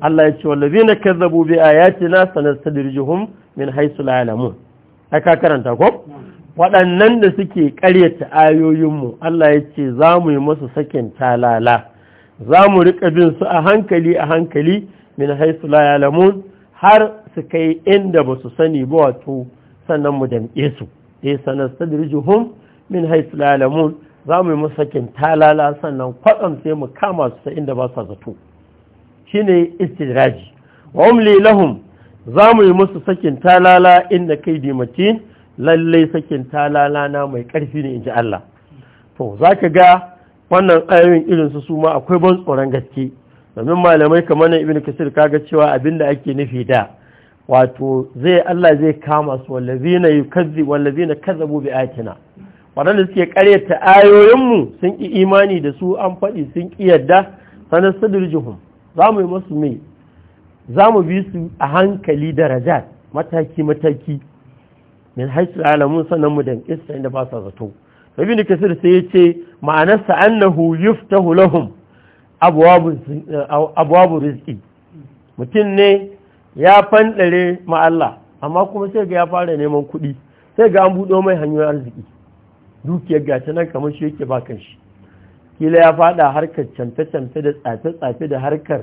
Allah ya ce na kazzabu bi ayatina sanastadrijuhum min haythu la ya'lamun aka karanta ko waɗannan da suke ƙaryata ayoyinmu Allah ya ce za mu yi masu sakin talala za mu riƙa bin su a hankali a hankali min haisu layalamun har su kai inda ba su sani ba wato sannan mu damƙe su eh sanar sadrijuhum min haisu layalamun za mu yi musakin talala sannan kwatsam sai mu kama su ta inda ba su zato shine istiraji. wa umli lahum za mu yi musu sakin talala inda kai dimatin lallai sakin talala na mai ƙarfi ne in ji Allah to za ka ga wannan ayoyin irin su ma akwai ban tsoron gaske domin malamai kamar na ibn kasir kaga cewa abin da ake nufi da wato zai Allah zai kama su wallazina yukazzi wallazina kazzabu bi ayatina waɗanda suke karyata ayoyinmu sun ƙi imani da su an faɗi sun ƙi yadda sanar sadurjihun za mu yi masu mai za mu bi su a hankali daraja mataki-mataki min haisu alamun sanar mu da ƙista inda ba sa zato ibn kasir sai ya ce ma'anarsa annahu yuftahu lahum eh, abwabu rizqi mutum ne ya fanɗare ma Allah amma kuma sai ga ya fara neman kuɗi sai ga an buɗo mai hanyoyin arziki dukiyar gata nan kamar shi yake ba kan shi kila ya faɗa harkar canfe-canfe da tsafe-tsafe da harkar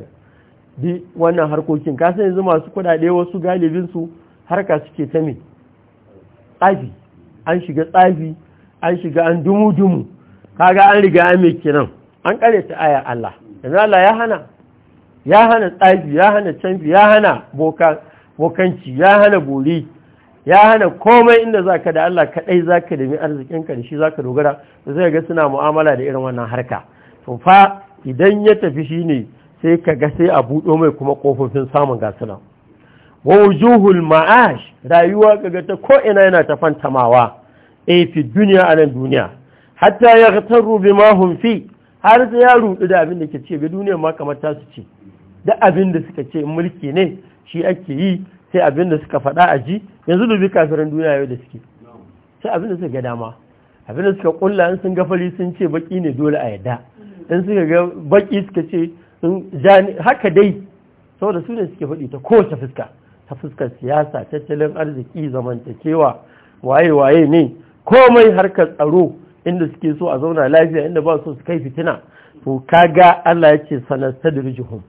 bi wannan harkokin kasan yanzu masu kuɗaɗe wasu galibinsu harka suke ta me tsafi an shiga tsafi an shiga an dumu-dumu kaga an riga an mai kiran an kare ta aya Allah yanzu Allah ya hana ya hana tsafi ya hana canji, ya hana bokanci ya hana bori ya hana komai inda za ka da Allah kaɗai za ka arzikin arzikinka da shi za ka dogara da zai ga suna mu'amala da irin wannan harka to fa idan ya tafi shi ne sai ka ga sai a buɗo mai kuma ƙofofin samun gasuna wa wujuhul ma'ash rayuwa kaga ta ko ina yana ta fantamawa e fi duniya a nan duniya hatta ya tarru bi ma hum fi har sai ya rudu da abin da ke ce ga duniya ma kamar ta su ce da abin da suka ce mulki ne shi ake yi sai abin da suka faɗa a ji yanzu dubi kafirin duniya yau da suke sai abin da suka ga dama abin da suka kulla in sun gafari sun ce baki ne dole a yadda in suka ga baki suka ce haka dai saboda su ne suke faɗi ta kowace fuska ta fuskar siyasa tattalin arziki zamantakewa waye waye ne komai harkar tsaro inda suke so a zauna lafiya inda ba su su kai fitina to kaga Allah ya ce dirjihum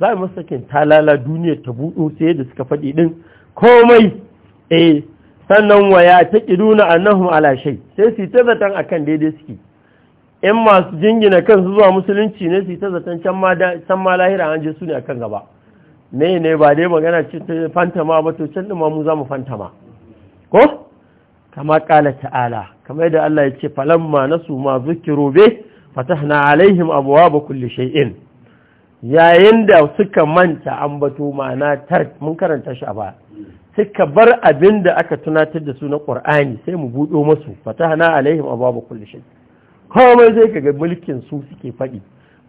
za mu sakin talala duniya ta budo sai da suka faɗi din komai eh sannan waya ta kiduna annahum ala shay sai su ta zatan akan daidai suke in masu jingina kansu zuwa musulunci ne su ta zatan can ma san ma lahira an je su ne akan gaba ne ne ba dai magana ce ta fantama ba to can din ma mu za mu fantama ko kama kala ta'ala kama yadda Allah ya ce falamma nasu ma zukiru be fatahna alaihim abwaaba kulli shay'in yayin da suka manta ambato ma'ana tar mun karanta shi a ba suka bar abin da aka tunatar da su na Qur'ani sai mu budo musu fatahna alaihim abwaaba kulli shay'in komai zai kaga mulkin su suke faɗi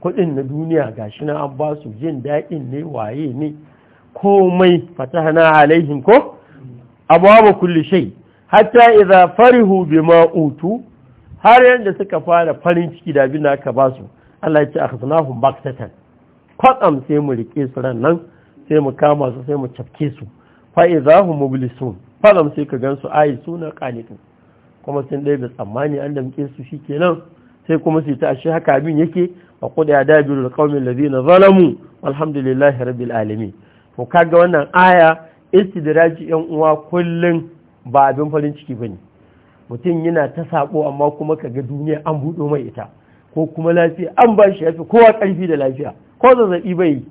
kuɗin na duniya gashi na an ba su jin daɗin ne waye ne komai fatahna alaihim ko abwaaba kulli shay'in hatta Iza farihu bima utu har yanda suka fara farin ciki da abin da aka ba su Allah ya ce akhadnahum baktatan kwatsam sai mu rike su ran nan sai mu kama su sai mu cafke su fa idza hum mublisun falam sai ka gansu ayi suna qanitun kuma sun dai da tsammani an damke su shikenan sai kuma sai ta ashe haka abin yake wa qul ya dabiru alqawmi alladhina zalamu walhamdulillahi rabbil alamin to kaga wannan aya istidraji yan uwa kullun ba abin farin ciki ba ne mutum yana ta saɓo amma kuma ka ga duniya an buɗo mai ita ko kuma lafiya an ba shi yafi kowa ƙarfi da lafiya ko zazzaɓi bai yi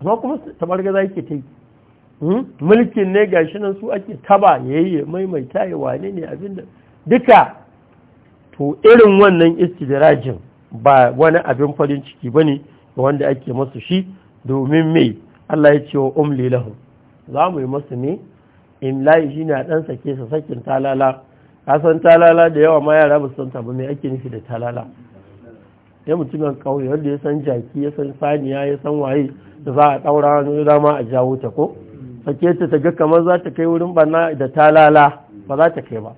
amma kuma gaza yake ta yi hmm? mulkin ne shi nan su ake taba yayye maimaita ya wane ne abin da duka to irin wannan istidrajin ba wani abin farin ciki bane wanda ake masu shi domin mai Allah ya ce wa umli lahu za mu yi masu ne shi ne a ɗan sake sa sakin talala kasan talala da yawa ma yara ba san ba mai ake nufi da talala ya mutumin kawai wanda ya san jaki ya san saniya ya san waye da za a ɗaura hannu dama a jawo ta ko sake ta ta ga kamar za ta kai wurin bana da talala ba za ta kai ba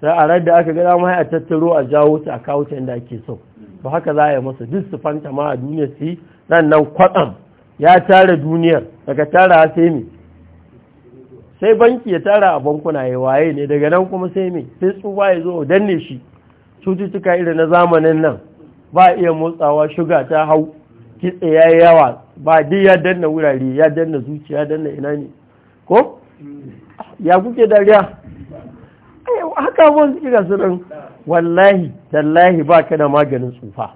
sai a rai da aka ga dama a tattaro a jawo ta a kawo ta inda ake so ba haka za a yi masa duk su fanta ma a duniya su yi nan nan kwatsam ya tara duniyar daga tara sai ne sai banki ya tara a bankuna ya waye ne daga nan kuma sai mai sai tsuwa ya zo danne shi cututtuka irin na zamanin nan ba iya motsawa shuga ta hau kitse ya yi yawa ba dai ya danna wurare ya danna zuciya danna ina ne ko ya kuke dariya haka wanzu kira su nan wallahi tallahi ba ka da maganin tsufa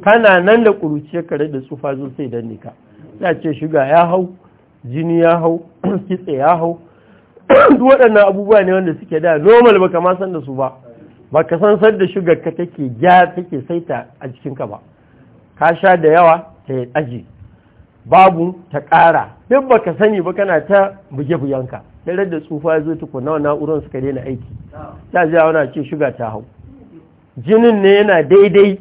kana nan da ƙuruciyar kare da tsufa zo sai danne ka ya ce shuga ya hau jini ya hau *clears throat* kitse ya hau *clears throat* duk waɗannan abubuwa ne wanda suke da normal baka ma san da su ba baka san san da sugar ka take ja take saita a jikinka ba ka sha da yawa ta yi aji babu ta ƙara duk baka sani ba kana ta buge buyanka. tare da tsufa ya zo tukuna wa na'urar suka daina aiki ta ji ce shuga ta hau jinin ne yana daidai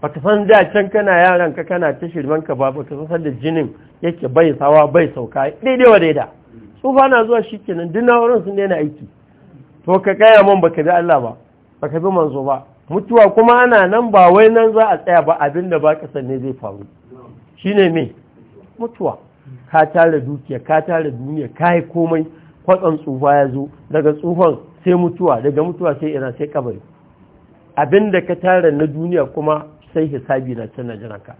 ka san da can kana yaran ka kana ta shirman ka ba baka san da jinin yake bai sawa bai sauka daidai wa daida tsufa na zuwa shi kenan duk nawarin sun daina aiki to ka kaya mun baka bi Allah ba baka bi manzo ba mutuwa kuma ana nan ba wai nan za a tsaya ba abin da ba ka ne zai faru shine me mutuwa ka tara dukiya ka tara duniya ka yi komai kwatsan tsufa ya zo daga tsufan sai mutuwa daga mutuwa sai ina sai kabari abinda ka tara na duniya kuma sai hisabi na tana jiranka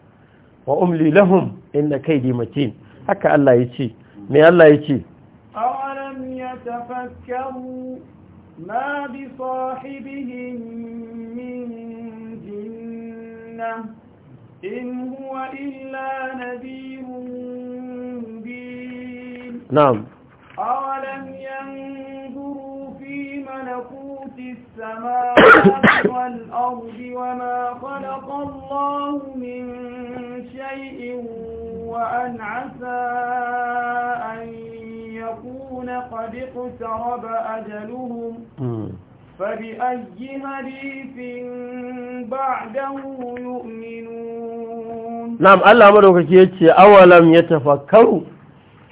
wa umli lahum inna kaidi matin haka Allah ya ce me Allah ya ce awalam yatafakkaru ma bi sahibihim min jinna in huwa illa nadhirun mubin na'am awalam في السماوات والأرض وما خلق الله من شيء وأن عسى أن يكون قد اقترب أجلهم فبأي حديث بعده يؤمنون نعم الله مدوكك يتي أولم يتفكروا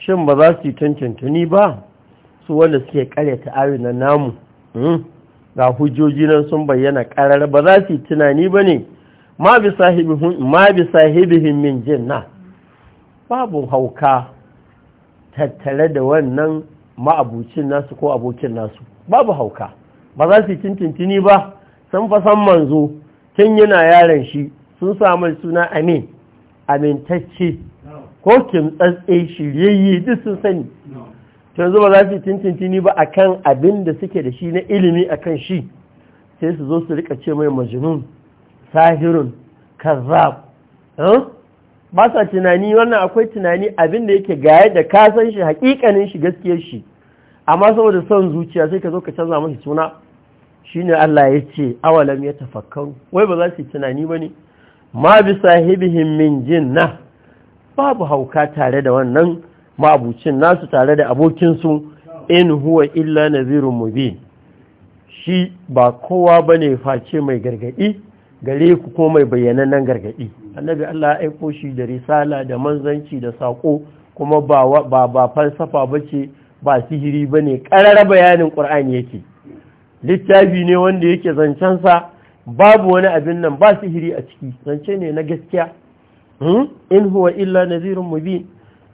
shin ba za su yi cancantuni ba su wanda suke karyata ayyuna namu ga hujjoji nan sun bayyana karar ba za su tunani ba ne ma bi sahibihin min jinna babu hauka tattare da wannan ma'abucin nasu ko abokin nasu babu hauka ba za su tintintini ba sun fasan manzo tun yana yaren shi sun samu suna amin amintacce ko kimtsatse shiryayye duk sun sani to yanzu ba za su tintinti ni ba akan abin da suke da shi na ilimi akan shi sai su zo su rika ce mai majnun sahirun kazzab eh? ba sa tunani wannan akwai tunani abin da yake gaya da ka san shi hakikanin shi gaskiyar shi amma saboda son zuciya sai ka zo ka canza masa suna ne Allah ya ce awalam ya tafakkaru wai ba za su tunani ba ne ma bi sahibihim min jinna babu hauka tare da wannan ma'abucin nasu tare da abokinsu in huwa illa nazirun mubin shi ba kowa bane face mai gargadi gare ku ko mai bayyanannen gargadi annabi Allah ya aiko shi da risala da manzanci da sako kuma ba ba ba ce ba sihiri bane karara bayanin Qur'ani yake littafi ne wanda yake zancensa babu wani abin nan ba sihiri a ciki zance ne na gaskiya hmm? in huwa illa nazirun mubin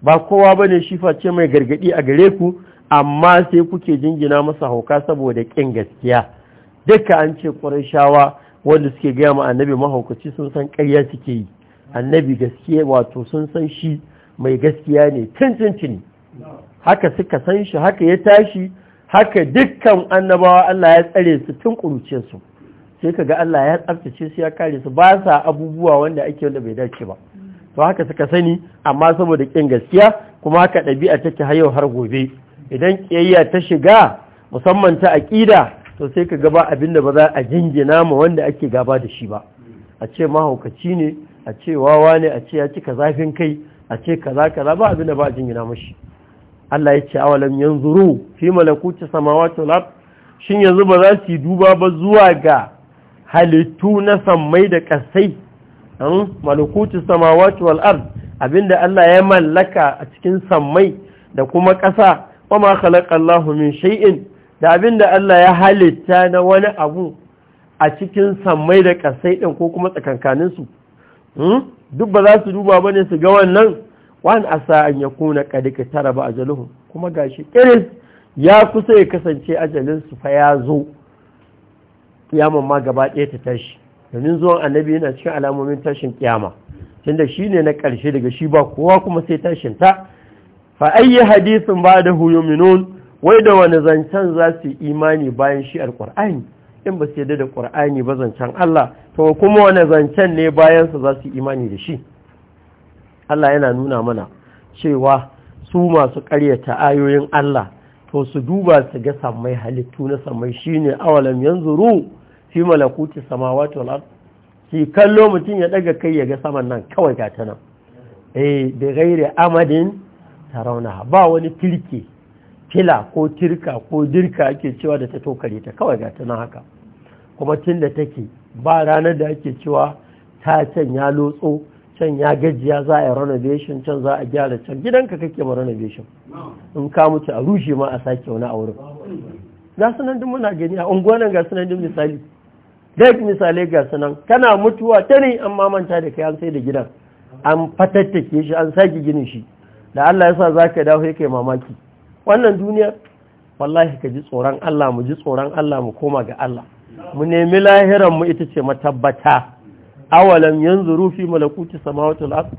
ba kowa bane shi face mai gargaɗi a gare ku amma sai kuke jingina masa hauka saboda ƙin gaskiya duka an ce shawa wanda suke gaya ma annabi mahaukaci sun san ƙarya suke yi annabi gaskiya wato sun san shi mai gaskiya ne tuntuntuni haka suka san shi haka ya tashi haka dukkan annabawa Allah ya tsare su tun ƙuruciyarsu sai ka ga Allah ya tsaftace su ya kare su ba sa abubuwa wanda ake wanda bai dace ba to haka suka sani amma saboda kin gaskiya kuma haka ɗabi'a take har har gobe idan ƙiyayya ta shiga musamman ta aƙida to sai ka gaba abin da ba za a jingina ma wanda ake gaba da shi ba a ce mahaukaci ne a ce wawa ne a ce ya cika zafin kai a ce kaza kaza ba abin ba a jingina mashi Allah ya ce awalam yanzuru fi malakuti samawati wal shin yanzu ba za su yi duba ba zuwa ga halittu na sammai da kasai Hmm? malakutu samawati wal ard abinda Allah ya mallaka a cikin sammai da kuma ƙasa wa ma Allah min shay'in da abinda Allah ya halitta na wani abu a cikin sammai da ƙasai din ko kuma tsakankanin su hmm? duk ba za su duba bane su ga wannan wani asa an yakuna qad tara ba ajaluhum kuma gashi irin ya kusa ya kasance ajalin su fa ya zo ya mamma gaba ɗaya ta tashi domin zuwan annabi yana cikin alamomin tashin kiyama tunda shi ne na ƙarshe daga shi ba kowa kuma sai tashin ta fa ayyi hadisin ba da huyuminun wai da wani zancen za su imani bayan shi alƙur'ani in ba su yadda da ƙur'ani ba zancen Allah to kuma wani zancen ne bayan su za su imani da shi Allah yana nuna mana cewa su masu ƙaryata ayoyin Allah to su duba su ga sammai halittu na sammai shine awalam yanzuru fi malakuti samawa wal ard ki kallo mutum ya daga kai ya ga saman nan kawai ga ta nan eh da gairi amadin tarauna ba wani kirki fila ko tirka ko dirka ake cewa da ta tokare ta kawai ga ta nan haka kuma tun da take ba ranar da ake cewa ta can ya lotso can ya gajiya za a yi renovation can za a gyara can gidanka kake ma renovation in ka mutu a rushe ma a sake wani a wurin ga sunan muna gani a unguwanan ga sunan duk misali duk misalai ga sanan kana mutuwa tani ne an mamanta da kai an sai da gidan an fatattake shi an sake ginin shi da Allah ya sa za ka dawo ya kai mamaki wannan duniya wallahi ka ji tsoron Allah mu ji tsoron Allah mu koma ga Allah mu nemi lahiran mu ita ce matabbata awalan yanzu rufi malakuti samawati wal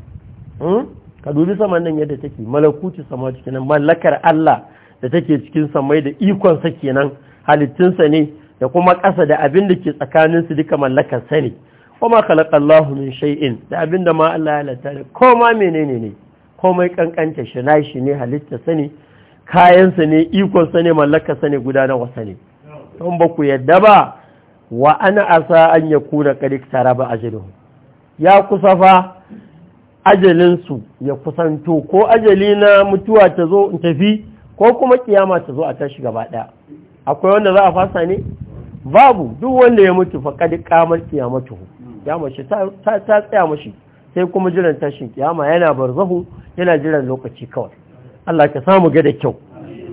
hmm? ka dubi saman nan yadda take malakuti samawati kenan mallakar Allah da take cikin samai da ikon sa kenan halittunsa ne da kuma ƙasa da abin da ke tsakaninsu duka mallakar sani kuma kalakallahu min sha'in da abin da ma Allah ya lantar ko koma menene ne komai kankanta shi na shi ne halitta sani kayansa ne ikonsa sani mallakarsa ne wasa ne don ba ku yadda ba wa ana asa an ya kuna ƙarik tara ba ajalin ya kusa fa ajalinsu ya kusanto ko ajali na mutuwa ta zo in tafi ko kuma kiyama ta zo a tashi gaba ɗaya akwai wanda za a fasa ne babu duk wanda ya mutu faƙaɗi ƙamar kiyamatu kiyama ta tsaya mashi sai kuma jiran tashin kiyama yana barzahu yana jiran lokaci kawai Allah ka samu ga da kyau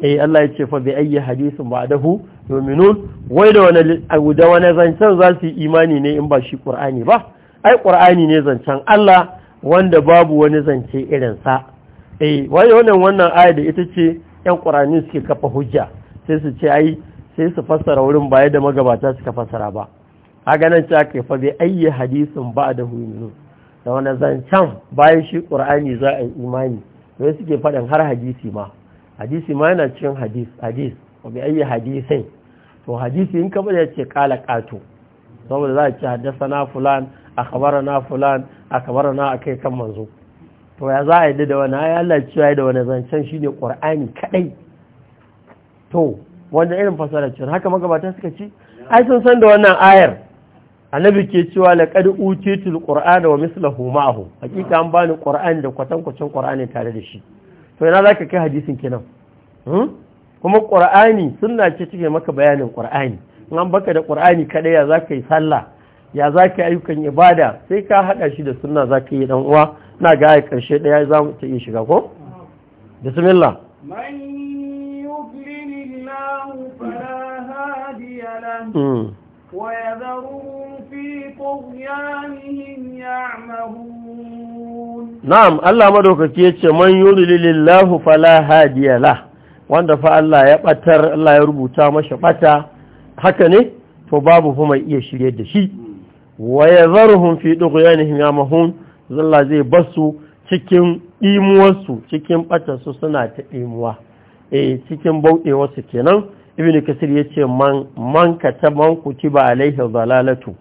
eh Allah ya ce fa bi ayyi hadisin ba ba'dahu yu'minun wai da wani abu da wani zancen za su imani ne in ba shi Qur'ani ba ai Qur'ani ne zancen Allah wanda babu wani zance irin sa eh wai wannan wannan aya da ita ce yan Qur'ani suke kafa hujja sai su ce ai sai su fassara wurin ba yadda magabata suka fassara ba a ganin ta fa zai ayyi hadisin ba da hulminu da wani zancen bayan shi ƙur'ani za a yi imani wai suke faɗin har hadisi ma hadisi ma yana cikin hadis hadis ko bai ayyi hadisai to hadisi in ka bada ce kala ƙato saboda za a ci haddasa na fulan a kabara na fulan a kabara na akai kan manzo to ya za a yi da wani ya yi da wani zancen shi ne ƙur'ani kaɗai to wanda irin fasara ce haka magabata suka ci ai sun san da wannan ayar annabi ke cewa laqad utitul qur'ana wa mislahu ma'ahu hakika an bani qur'ani da kwatankwacin qur'ani tare da shi to ina zaka kai hadisin kenan hmm? kuma qur'ani sunna ce take maka bayanin qur'ani in an baka da qur'ani kada ya zaka yi sallah ya zaka yi ayyukan ibada sai ka hada shi da sunna zaka yi dan uwa na ga ai karshe daya za ta iya shiga ko bismillah الأصنام ويذرهم في طغيانهم يعمهون نعم الله مدوكك يتشى من يضلل الله فلا هادي له wanda fa Allah ya batar Allah ya rubuta masa bata haka ne to babu kuma iya shirye da shi wa yadharuhum fi dughyanihim yamahun zalla zai basu cikin imuwarsu cikin batarsu suna ta imuwa eh cikin bauɗewarsu kenan ibn kasir yace man man kata man kutiba alaihi zalalatu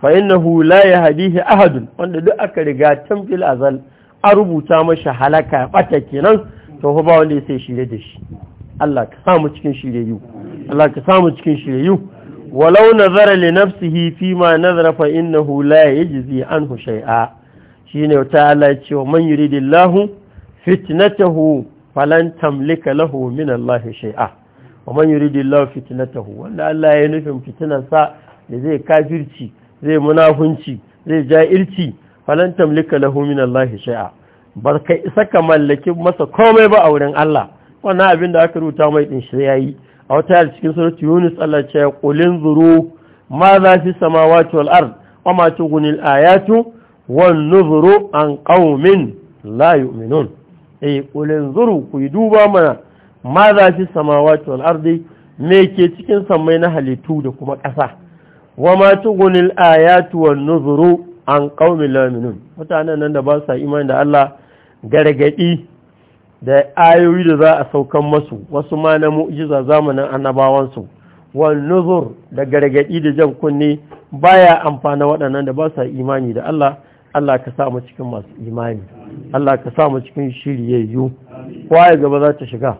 fa innahu la yahdihi ahad wanda duk aka riga tamfil azal a rubuta masa halaka bata kenan to ba wanda sai shirye da shi Allah ka samu cikin shirye Allah ka samu cikin shirye walau nazara li nafsihi fi ma nazara fa innahu la yajzi anhu shay'a shine ta Allah ya ce man yuridillahu fitnatahu falan tamlika lahu min Allah shay'a wa man yuridillahu fitnatahu wanda Allah ya nufin sa da zai kafirci zai munafunci zai ja'irci falan tamlika lahu min Allah shay'a bar isa ka mallaki masa komai ba a wurin Allah wannan abin da aka rubuta mai din shi yi? a wata cikin suratu Yunus Allah ce qulin zuru ma za fi samawati wal ard wa ma tughni al ayatu wan an qaumin la yu'minun eh qulin zuru ku duba mana ma za fi samawati wal ardi me ke cikin sammai na halittu da kuma ƙasa wa ma tugunil ayatu wan nuzuru an qaumi laminun mutanen nan da ba sa imani da Allah gargadi da ayoyi da za a saukan masu wasu ma na mu'jiza zamanin annabawansu wan nuzur da gargaɗi da jan kunne baya amfana waɗannan da ba sa imani da Allah Allah ka sa mu cikin masu imani Allah ka sa mu cikin shiryayyu kwaye gaba za ta shiga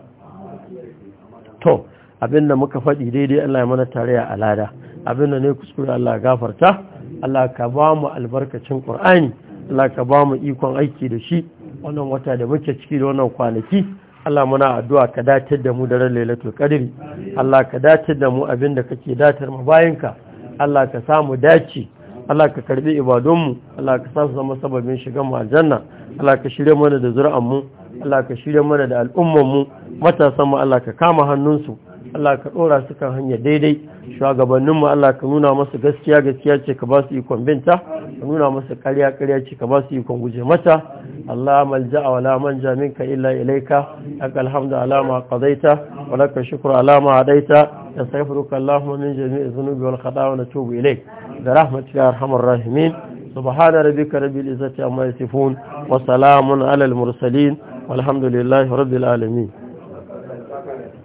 to abinda muka faɗi daidai Allah ya mana tare a lada abinda ne kuskure Allah gafarta Allah ka ba mu albarkacin Qur'ani Allah ka ba mu ikon aiki da shi wannan wata da muke ciki da wannan kwanaki Allah muna addu'a ka datar da mu da ran lailatul qadri Allah ka datar da mu abinda kake datar mu bayinka Allah ka sa mu dace Allah ka karbi ibadunmu Allah ka sa su zama sababin shigan mu aljanna Allah ka shirye mana da zuri'an mu Allah ka shirya mana da al'ummanmu matasanmu Allah ka kama hannunsu Allah ka ɗora su kan hanya daidai shugabanninmu Allah ka nuna masu gaskiya gaskiya ce ka ba su ikon binta ka nuna masa ƙarya ƙarya ce ka ba su ikon guje mata Allah malja'a wala manja minka illa ilaika laka alhamdu ala ma qadaita wa laka shukru ala ma hadaita nastaghfiruka Allahumma min jami'i dhunubi wal khata'a wa natubu ilayk bi rahmatika ya arhamar rahimin subhana rabbika rabbil izzati amma yasifun wa salamun ala al mursalin alhamdu lillahi rabbil alamin